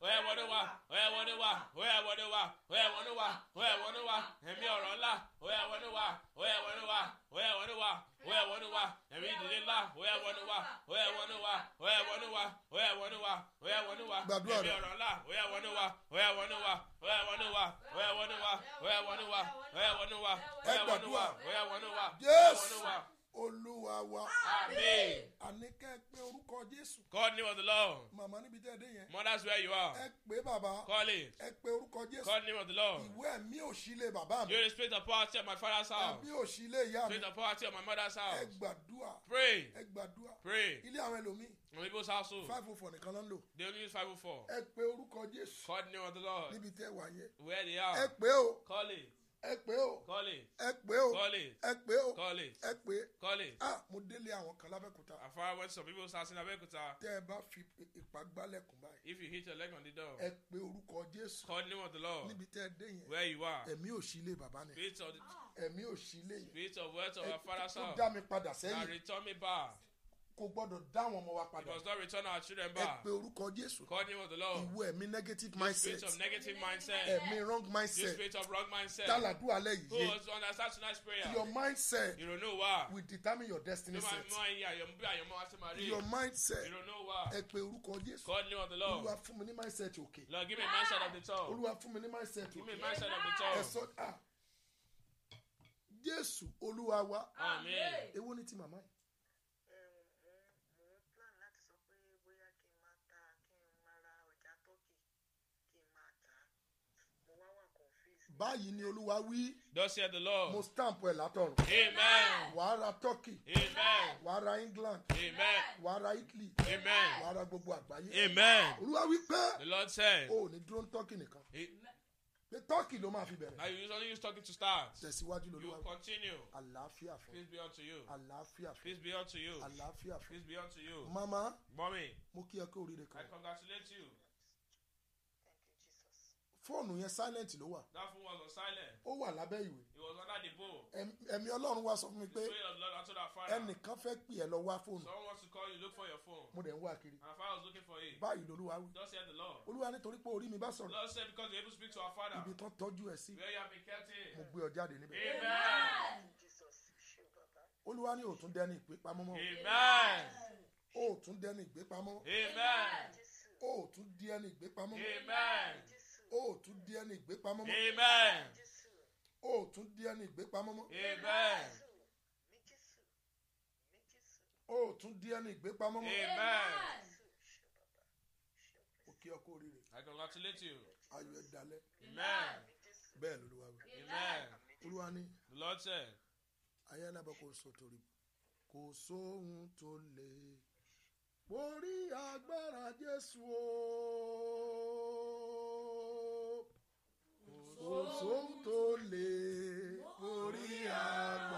ọ̀yà wọnú wa ọ̀yà wọnú wa ọ̀yà wọnú wa ọ̀yà wọnú wa ọ̀yà wọnú wa ẹ̀mí ọ̀rọ̀ ńlá ọ̀yà wọnú wa ọ̀yà wọnú wa ọ̀yà wọnú wa ọ̀yà wọnú wa ẹ̀mí ìdílé ńlá ọ̀yà wọnú wa ọ̀yà wọnú wa ọ̀yà wọnú wa ọ̀yà wọnú wa ọ̀yà wọnú wa ẹ̀mí ọ̀rọ̀ ńlá ọ̀yà wọnú wa ọ̀yà wọnú wa ọ̀yà wọnú wa ọ̀yà wọnú wa ọ̀yà wọnú wa ọ̀yà wọnú wa ọ̀yà wọnú wa olúwa wa. àmín. àní kẹ́ ẹ pé orúkọ jésù. call name of the lord. màmá níbi tẹ́ ẹ dé yẹn. mother's where you are. ẹ pé bàbá. call it. ẹ pé orúkọ jésù. call name of the lord. ìwé ẹ̀mí òṣìlè bàbá mi. you respect the poverty of my father's house. ẹ̀mí òṣìlè ìyá mi. respect the poverty of my mother's house. ẹ gbàdúrà. pray. ẹ gbàdúrà. pray. ilé àwọn ẹlòmíì. àwọn ibo sáà so. five oh four nìkan ló ń lò. they only use five oh four. ẹ pé orúkọ jésù. call name of the lord. níbi tẹ́ wà yẹn. where they are. ẹ pé o. call it ẹ pé o ẹ pé o ẹ pé o ẹ pé ah mo délé àwọn kan lábẹ́kúta. àfọwọ́ wẹ́n sọ bíbí o sá sí lábẹ́kúta. tẹ́ ẹ bá fi ìpá gbálẹ̀kùn báyìí. if you hit your leg on the door. ẹ pé orúkọ jésù. call the name of the lord. níbi tẹ́ ẹ dé yẹn. where you are. ẹ̀mí ò sí ilé bàbá ni. spirit of the. ẹ̀mí ò sí ilé yẹn. spirit of words of our father son. ẹ tó dá mi padà sẹ́yìn. na return me back kò gbọdọ̀ dá àwọn ọmọ wa padà. we must not return our children back. ẹ pe orúkọ jésù. call name the lord. ìwọ ẹ̀mí negative mindset. the spirit of negative mindset. ẹ̀mí wrong mindset. the spirit of wrong mindset. dáládùn alẹ́ yìí. who on that tonight's prayer. your mindset. You don't know why. will determine your destiny set. ló máa ń yan àyànmú bí àyànmú wa ṣe máa rí. your mindset. You ìrònú wa. ẹ pe orúkọ jésù. call name of the lord. olúwa fún mi ní mindset òkè. lord give me mindset of the top. olúwa fún mi ní mindset òkè. give me mindset of the top. ẹ sọ ah jésù olúwa wa. amen. èwo ni ti màmá yìí. báyìí ni olúwa wí. thus said the lord. mo stamp ẹ̀ látọ̀run. amen. wàá ra turkey. amen. wàá ra england. amen. wàá ra italy. amen. wàá ra gbogbo àgbáyé. amen. olúwa wí pé. the lord said. o ò ní dúró ní turkey nìkan. pé turkey ló máa fi bẹ̀rẹ̀. now you usually use turkey to start. tẹ̀síwájú lolúwa wí. you continue. àlàáfíà fún. peace be unto you. àlàáfíà fún. peace be unto you. àlàáfíà fún. peace be unto you. mama. Mommy. mo kí ẹ kú oríire kan. i congratulate you fóònù yẹn silent ló wà. that phone was on silent. ó wà lábẹ́ ìwé. it was under the bowl. ẹ̀mí ọlọ́run wá sọ fún mi pé ẹnìkan fẹ́ pè ẹ́ lọ wá fóònù. someone wants to call you look for your phone. mo dẹ̀ ń wá kiri. and father was looking for it. báyìí lolúwa wí. just hear the lord. olúwa nítorí pé orí mi bá sọ̀rọ̀. lord said because you able to speak to our father. ibi tán tọ́jú ẹ sí. where you have been kept in. mo gbé ọ jáde níbẹ̀. amen. olúwa ní òtún dẹ́ni ìpè pamọ́ mọ́. amen. òtún dẹ́ni ìgbé pamọ́. amen. òtún dẹ́ni ìgbé pamọ́. amen. amen o ò tún di ẹni ìgbépamọ́ mọ́. amen. o ò tún di ẹni ìgbépamọ́ mọ́. amen. o ò tún di ẹni ìgbépamọ́ mọ́. amen. o kí ọ kó oríire. you. ẹ dalẹ̀. amen. bẹ́ẹ̀ lolúwa amen. olúwa ni. lord said. ayé alábọ̀ kò sọ torí kò sóhun tó lè borí agbára jésù ooo kò sóhun tó lè borí àgbà.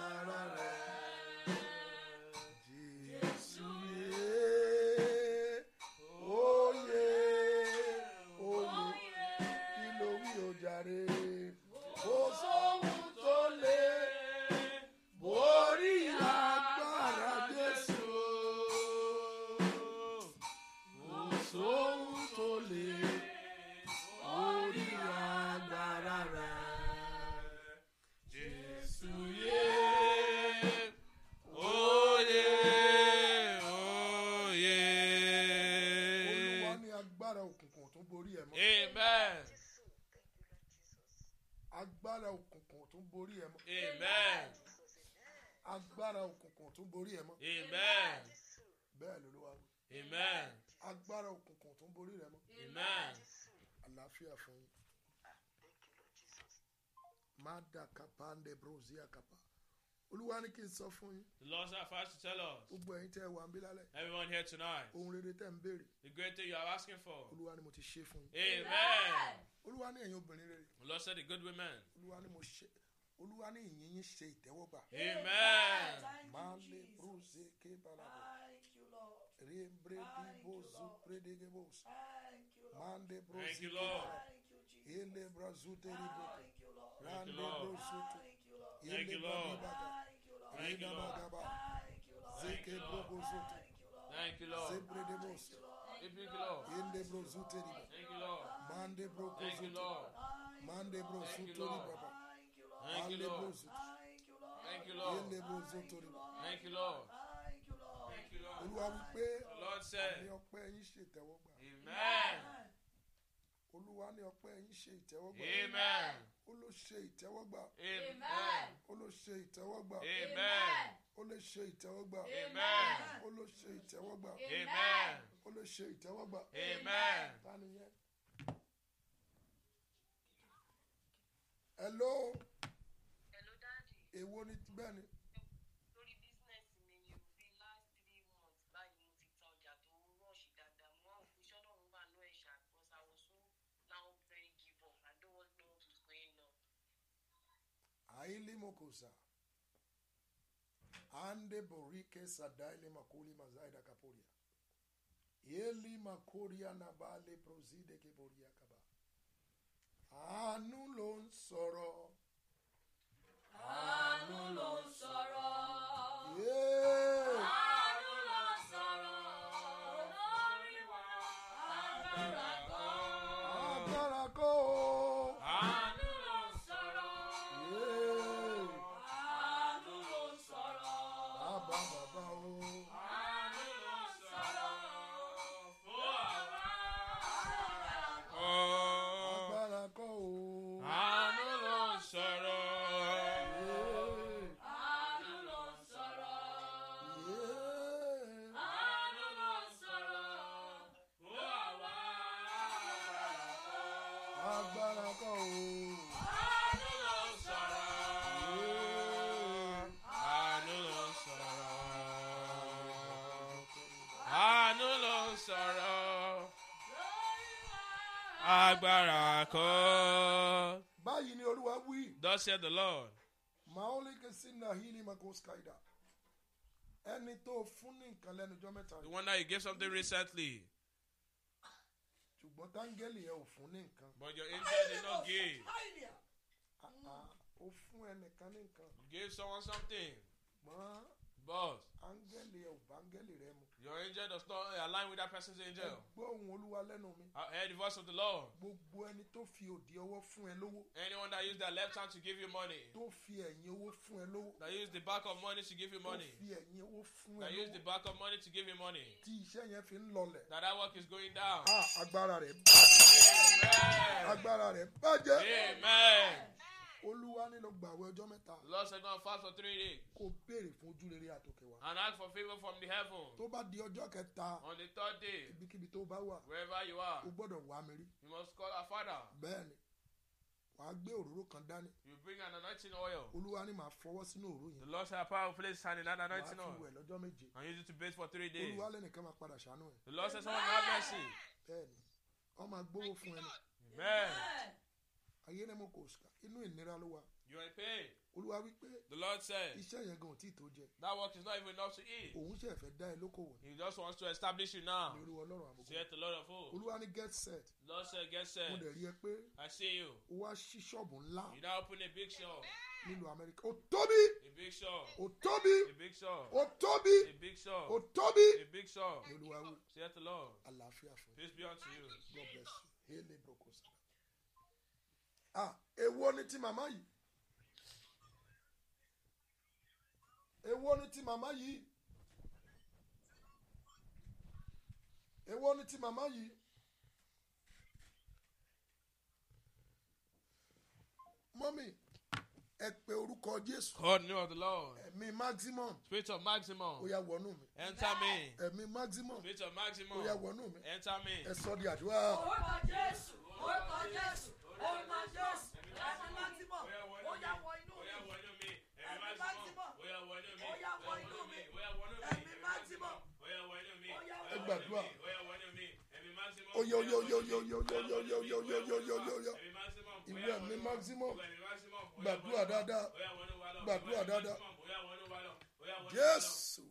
olúwa ní kí n sọ fún yín. the lord said for us to tell us. gbogbo ẹ̀yin tẹ́ wà lálẹ́. everyone here tonight. ohun rere tẹ́ ń the great thing you are asking for. olúwa ni mo ti ṣe fún yín. amen. olúwa ní ẹ̀yin obìnrin rere. the lord said the good women. olúwa ni mo ṣe olúwa ní ìyìn yín ṣe ìtẹ́wọ́gbà. amen. ele brazu deribo. Thank you, Lord. Thank you, Lord. Thank you, Lord. Thank you, Lord. Thank you, Lord. Thank you, Lord. Thank you, Lord. Thank you, Lord. Thank you, Lord. Thank you, Lord. Thank you, Lord. Thank you, Lord. Thank you, Lord. Thank you Lord said àmì ọpẹ́ yín ṣe ìtẹ́wọ́gbà. Amen. Lord. ní Amen. Amen. ó ló ìtẹ́wọ́gbà. amen. ó ló ìtẹ́wọ́gbà. amen. ó lè ìtẹ́wọ́gbà. amen. ó ló ìtẹ́wọ́gbà. amen. ó lè ìtẹ́wọ́gbà. amen. hello. hello daddy. èwo ni bẹ́ẹ̀ ni. Saili Mokusa. Ande Borike Sadaile Makuli Mazaida Kapuria. Yeli Makuria Nabale Prozide Keboria Kaba. Àánú ló sọ̀rọ̀. Àánú sọ̀rọ̀. Yeah. Thus said the Lord. The one that you gave something recently. But your angel did not give. Ah, ah, you gave someone something. Boss. Your angel does not eh, align with that person's angel. Gbọ́ ohun Olúwa lẹ́nu mi. I heard the voice of the Lord. Gbogbo ẹni tó fi òdì ọwọ́ fún ẹ lówó. Anyone that used their left hand to give you money. Tó fi ẹ̀yìn owó fún ẹ lówó. That used the back of money to give you money. Tó fi ẹ̀yìn owó fún ẹ lówó. That used the back of money to give you money. Tí iṣẹ́ yẹn fi ń lọlẹ̀. That that work is going down. Ah agbára rẹ̀ bàjẹ́. Agbára rẹ̀ bàjẹ́. Amen olúwa ní lọ gbàwé ọjọ́ mẹ́ta. lord said go fast for three days. kò béèrè fún ojú rere and ask for favour from the heaven. tó bá di ọjọ́ kẹta. on the third day. ibikíbi tó bá wà. wherever you are. o gbọ́dọ̀ wá mi rí. you must call our father. bẹ́ẹ̀ni wàá gbé òróró kan dání. you bring an anointing oil. olúwa ni màá fọwọ́ sínú òróró yẹn. the lord shall power place hand in that anointing oil. wàá fi wẹ̀ lọ́jọ́ méje. and use it to bathe for three days. olúwa lẹ́nìkan máa padà ṣàánú ẹ̀. the lord says someone have mercy. bẹ́ẹ̀ni ọmọ agbówó fún ẹni. bẹ́ẹ̀ni ayé rẹ mọ kò ṣùkà inú ìnira ló wà. you are paid. olúwa wípé. the lord said. iṣẹ́ yẹn gan tí tó jẹ. that work is not even enough to eat. òun ṣe fẹ́ dá ẹ lókòwò. he just wants to establish you now. lórí ọlọ́run àbùkù. say it to lord of hosts. olúwa ní get set. lord said get set. mo dẹ̀ rí ẹ pé. i see you. o wá sí ṣọ́ọ̀bù ńlá. you now open a big shop. nílùú amẹ́ríkà o tóbi. a big shop. o tóbi. a big shop. o tóbi. a big shop. o tóbi. a big shop. olúwa wí. say it to lord. àlàáfíà fún mi. peace be unto you. god bless you ah èwo ni ti màmá yìí èwo ni ti màmá yìí èwo ni ti màmá yìí mọ́mì ẹ pe orúkọ jésù. God name of the Lord. ẹ̀mí maximum. spirit of maximum. Oya yá wọnú mi. enter me. ẹ̀mí maximum. spirit of maximum. Oya yá wọnú mi. enter me. ẹ sọ di àdúrà. orúkọ jésù orúkọ jésù ẹ̀mí máa ń bọ̀ ẹ̀mí máa ń bọ̀ ó yá wọ inú mi ẹ̀mí máa ń bọ̀ ó yá wọ inú mi ẹ̀mí máa ń bọ̀ ẹ gbàdúrà oye oye oye oye oye oye oye oye oye oye oye oye oye oye ìwé ẹ̀mí maximum gbàdúrà dáadáa gbàdúrà dáadáa jésù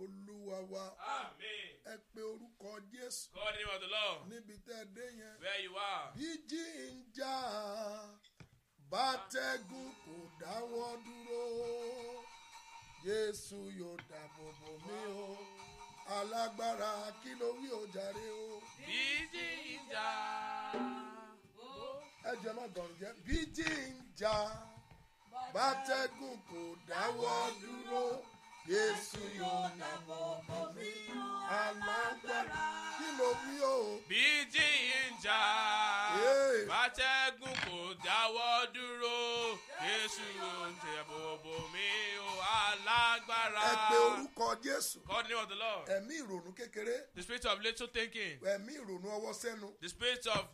olúwa wa. Amen ẹ pe orúkọ jésù. call the name of the lord. níbi tẹ́ ẹ dé yẹn. where you are. bíjì ń jà bátẹ́gùn kò dáwọ́ dúró jésù yóò dáàbò bò mí o alágbára kí ló wí o o. bíjì ń ẹ jẹ́ má gbọ̀n jẹ́ bíjì ń jà bátẹ́gùn kò dáwọ́ dúró. Jésù yóò dàbọ̀ orí yóò alágbára. Kí ló wí o? Bí jí ń jà, bátẹ́gùn kò dáwọ́ dúró. Jésù yóò dàbọ̀ omi yóò alágbára. Ẹ pe orúkọ Jésù. God name of the Lord. Ẹ̀mí ìrònú kékeré. The spirit of little thinking. Ẹ̀mí ìrònú ọwọ́ sẹ́nu. The spirit of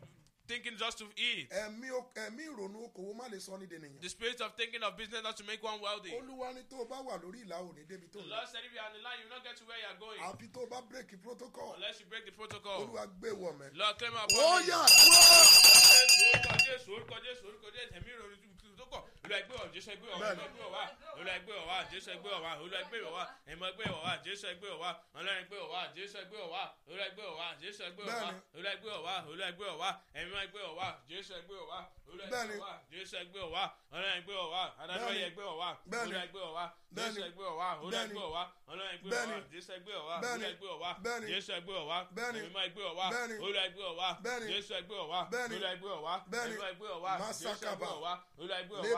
thinking just to eat. ẹ̀mí ẹ̀mí ìrònú okòwò má lè sọ ní dènìyàn. the spirit of thinking of business not to make one wealthy. olúwa ni tó o bá wà lórí ìlà òní débi tó the lord said if you are on the line you will not get to where you are going. àfi tó o bá break the protocol. unless you break the protocol. olúwa gbé wọ mẹ. lord claim our body. ó yà dúró. orúkọ jésù orúkọ jésù orúkọ jésù ẹ̀mí ìrònú tó pọ̀ olùwàgbé ọ̀ jésù ẹgbẹ́ ọ̀wá ẹ̀mọ́ ẹgbẹ́ ọ̀wá olùwàgbé ọ̀wá jésù ẹgbẹ́ ọ̀wá olùwàgbé ọ̀wá ẹ̀mọ́ ẹgbẹ́ ọ̀wá jésù ẹgbẹ́ ọ̀wá ọlọ́rẹ̀gbẹ́ ọ̀wá jésù ẹgbẹ́ ọ̀wá olùwàgbé ọ̀wá jésù ẹgbẹ́ ọ̀wá olùwàgbé ọ̀wá olùwàgbé ọ̀wá ẹ̀mọ́ ẹgbẹ́ ọ̀wá jésù ẹgbẹ́ ọ̀wá olùwàgbé ọ̀wá jésù ẹgbẹ́ ọ̀wá ọlọ́rẹ̀gbẹ́ ọ̀wá adájọ́ ẹgbẹ́ ọ̀wá olùwàgbé ọ̀wá jésù ẹgbẹ́ ọ̀wá olùwàgbé ọ̀wá ọlọ́run ẹgbẹ́ ọ̀wá jésù ẹgbẹ́ ọ̀wá olú ẹgbẹ́ ọ̀wá jésù ẹgbẹ́ ọ̀wá ẹ̀mímọ́ ẹgbẹ́ ọ̀wá olú ẹgbẹ́ ọ̀wá jésù ẹgbẹ́ ọ̀wá olú ẹgbẹ́ ọ̀wá ẹ̀mímọ́ ẹgbẹ́ ọ̀wá jésù ẹgbẹ́ ọ̀wá olú ẹgbẹ́ ọ̀wá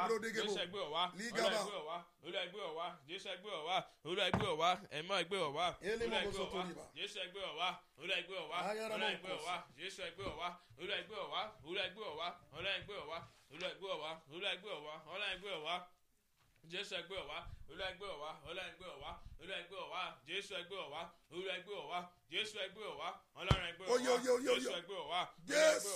jésù ẹgbẹ́ ọ̀wá olú ẹgbẹ́ ọ̀wá olú ẹgbẹ́ ọ̀wá jésù ẹgbẹ́ ọ̀wá olú ẹgbẹ́ ọ̀wá ẹ̀mọ́ ẹgbẹ́ ọ̀wá olú ẹgbẹ́ ọ̀wá jésù ẹgbẹ́ ọ̀wá olú ẹgbẹ́ ọ̀wá olú ẹgbẹ́ ọ̀wá jésù ẹgbẹ́ ọ̀wá olú ẹgbẹ́ ọ̀wá olú ẹgbẹ́ ọ̀wá olú ẹgbẹ́ ọ̀wá olú ẹgbẹ́ ọ̀wá olú ẹgbẹ́ ọ̀wá olú ẹgbẹ́ ọ̀wá jésù ẹgbẹ́ ọ̀wá olúwa ẹgbẹ́ ọ̀wá olúwa ẹgbẹ́ ọ̀wá olúwa ẹgbẹ́ ọ̀wá jésù ẹgbẹ́ ọ̀wá olúwa ẹgbẹ́ ọ̀wá jésù ẹgbẹ́ ọ̀wá ọlọ́run ẹgbẹ́ ọ̀wá jésù ẹgbẹ́ ọ̀wá jésù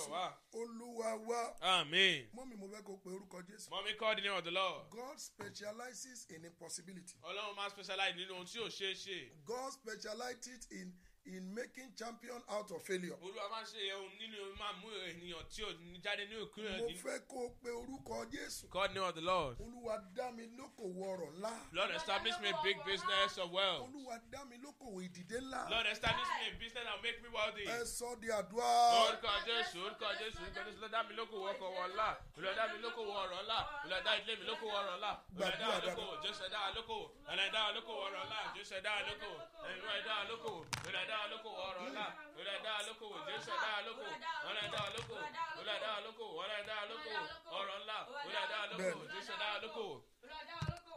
olúwa wa. amen. mọ́mí mo fẹ́ kó pe orúkọ jésù. mọ́mí call the name of the lord. God specializes in impossibility. ọlọ́run máa specialize nínú ohun tí ò ṣeé ṣe. God specializes in impossibility in making champion out of failure. olúwa máa ṣe ohun nínú máa mú ènìyàn tí ò ní jáde ní òkú rẹ. mo fẹ́ kó o pe orúkọ jésù. God name of the Lord. olúwa dá mi lókòwò ọ̀rọ̀ ńlá. Lord establish me a big business of wealth. olúwa dá mi lókòwò ìdìdé ńlá. Lord establish me a business that will make me wealthy. ẹ sọ di àdúrà. orúkọ jésù orúkọ jésù orúkọ jésù lọ́dá mi lókòwò ọkọ̀wọ̀ ńlá olúwa dá mi lókòwò ọ̀rọ̀ ńlá olúwa dá ilé mi lókòwò ọ̀rọ̀ ńlá olúwa dá lókòwò jésù ẹ̀dá lókòwò ẹ̀dá lókòwò ọ̀rọ̀ dáa lókòwò ọrọ̀ ńlá olùlà dáa lókòwò jésù dáa lókòwò olùlà dáa lókòwò olùlà dáa lókòwò olùlà dáa lókòwò ọrọ̀ ńlá olùlà dáa lókòwò jésù dáa lókòwò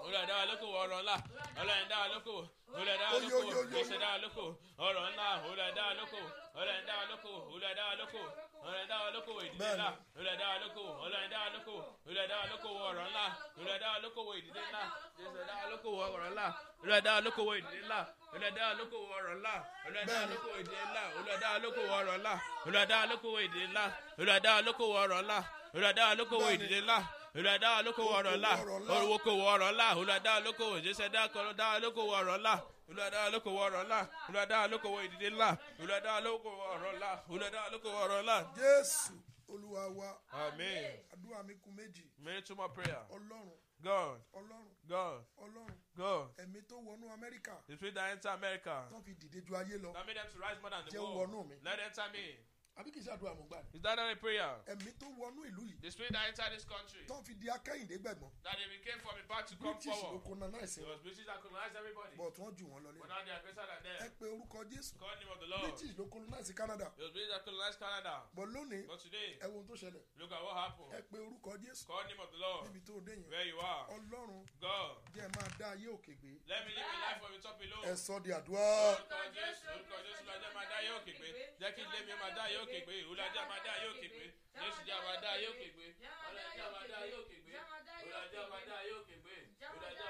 olùlà dáa lókòwò ọrọ̀ ńlá olùlà dáa lókòwò olùlà dáa lókòwò jésù dáa lókòwò ọrọ̀ ńlá olùlà dáa lókòwò olùlà dáa lókòwò olùlà dáa lókòwò olùlà dáa lókòwò ìdílé ńlá olùlà dáa lókòwò olùlà dáa lókòwò olùlà dáa lókòwò ọrọ̀ ńlá olùlà dáa lókòwò ìdílé ńlá jésù dáa lókòwò ọrọ̀ ńlá olùlà dáa lókòwò ìdílé ńlá olùdá olókòwò ọ̀rọ̀ ńlá olùdá olókòwò èdè ńlá olùdá olókòwò ọ̀rọ̀ ńlá olùdá olókòwò èdè ńlá olùdá olókòwò ọ̀rọ̀ ńlá olùdá olókòwò èdè ńlá olùdá olókòwò ọ̀rọ̀ ńlá olùwòkòwò ọ̀rọ̀ ńlá olùdá olókòwò ìjẹsẹ̀dá olùdá olókòwò ọ̀rọ̀ ńlá olùdá olókòwò ọ̀rọ̀ ńlá olùdá olókòwò èdè ńlá olùdá olókòwò ọ̀rọ̀ ńlá olùdá olókòwò ọ̀rọ̀ ńlá. jésù olúwa wa àdúrà mi kù méjì. many two more prayer. ọlọ́run God. Ọlọ́run. God. Ọlọ́run. God. Ẹ̀mí tó wọnú Amẹ́ríkà. The spirit that enter America. Tó fi dìde ju ayé lọ. That made them to rise more than the world. Jẹ́ wọnú mi. Let them enter me àbí kì í ṣàdúrà mú gbà. is that not a prayer. ẹ̀mí tó wọnú ìlú yìí. the spirit that entered this country. tó fi di akẹ́yìndé gbẹ̀gbọ́n. that they became from the back to come British forward. British ló it. was British that colonized everybody. but wọ́n jù wọ́n lọ lẹ́yìn. but now they are better than them. ẹ pe orúkọ Jésù. call name of the Lord. British ló colonize Canada. it was British that colonized Canada. but lónìí. but today. ẹ wo ohun tó ṣẹlẹ̀. look at what happened. ẹ pe orúkọ Jésù. call name of the Lord. níbi tó dé yẹn. where you are. Ọlọ́run. God. jẹ́ máa dá ayé òkè gbé. let me live my life from the top below. ẹ sọ di àdúrà. orúkọ Jésù orúkọ Jésù lọ jẹ́ máa dá ayé òkè gbé. jẹ́ kí n lé mi máa dá yóò kégbé ìhùlájà máa dá yóò kégbé jẹ́sìjà máa dá yóò kégbé ọ̀làjà máa dá yóò kégbé ọ̀làjà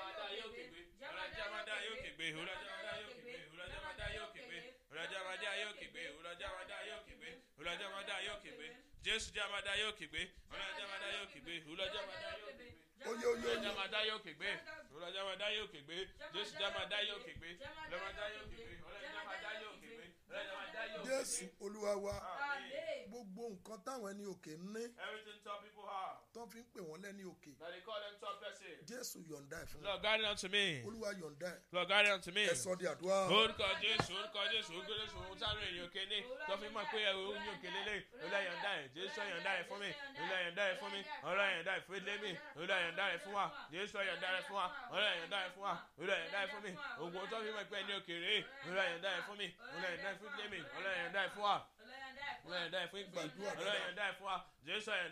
máa dá yóò kégbé ọ̀làjà máa dá yóò kégbé ọ̀làjà máa dá yóò kégbé ọ̀làjà máa dá yóò kégbé ọ̀làjà máa dá yóò kégbé ọ̀làjà máa dá yóò kégbé ọ̀làjà máa dá yóò kégbé ọ̀làjà máa dá yóò kégbé jẹ́sìjà máa dá yóò kégbé ọ̀làjà máa dá yóò kégbé ọ̀làjà máa yóò kégbé oye oye yóò kegbe ọlọ jama yóò kegbe jésù jama da yóò kegbe lọmọ da yóò kegbe ọlọ jama yóò kegbe jésù olúwa wa gbogbo nǹkan táwọn ẹni òkè ń ní tó fi ń pè wọ́n lẹ́ni òkè jésù yọ̀ǹda ẹ̀ fún mi. lord guide unto me. olúwa yọ̀ǹda ẹ̀. lord guide unto me. ẹ sọ di àdúrà. orúkọ jésù orúkọ jésù orúkọ jésù ohun táwọn èèyàn òkè ní tó fi mọ̀ pé ohun ní òkè lélẹ̀ olúwa yọ̀ǹda ẹ̀ jésù yọ̀ǹda ẹ̀ fún mi olúwa yọ̀ǹda ẹ̀ fún mi olúwa yọ̀ǹda ẹ̀ fún ilé mi olúwa yọ̀ǹda ẹ̀ fún wa jésù yọ̀ǹda ẹ̀ fún wa olúwa yọ̀ǹda ẹ̀ fún wa olúwa yọ̀ǹda ẹ̀ fún mi ògùn tó fi mọ̀ pé ẹni òkè rèé olúwa yọ̀ǹda ẹ̀ fún mi olúwa yọ̀ǹda ẹ̀ fún Jẹ́mi ọlọ́run yẹn dá ẹ̀ fún wa ọlọ́run yẹn dá ẹ̀ fún ìgbà ọlọ́run yẹn dá wa Jésù yẹn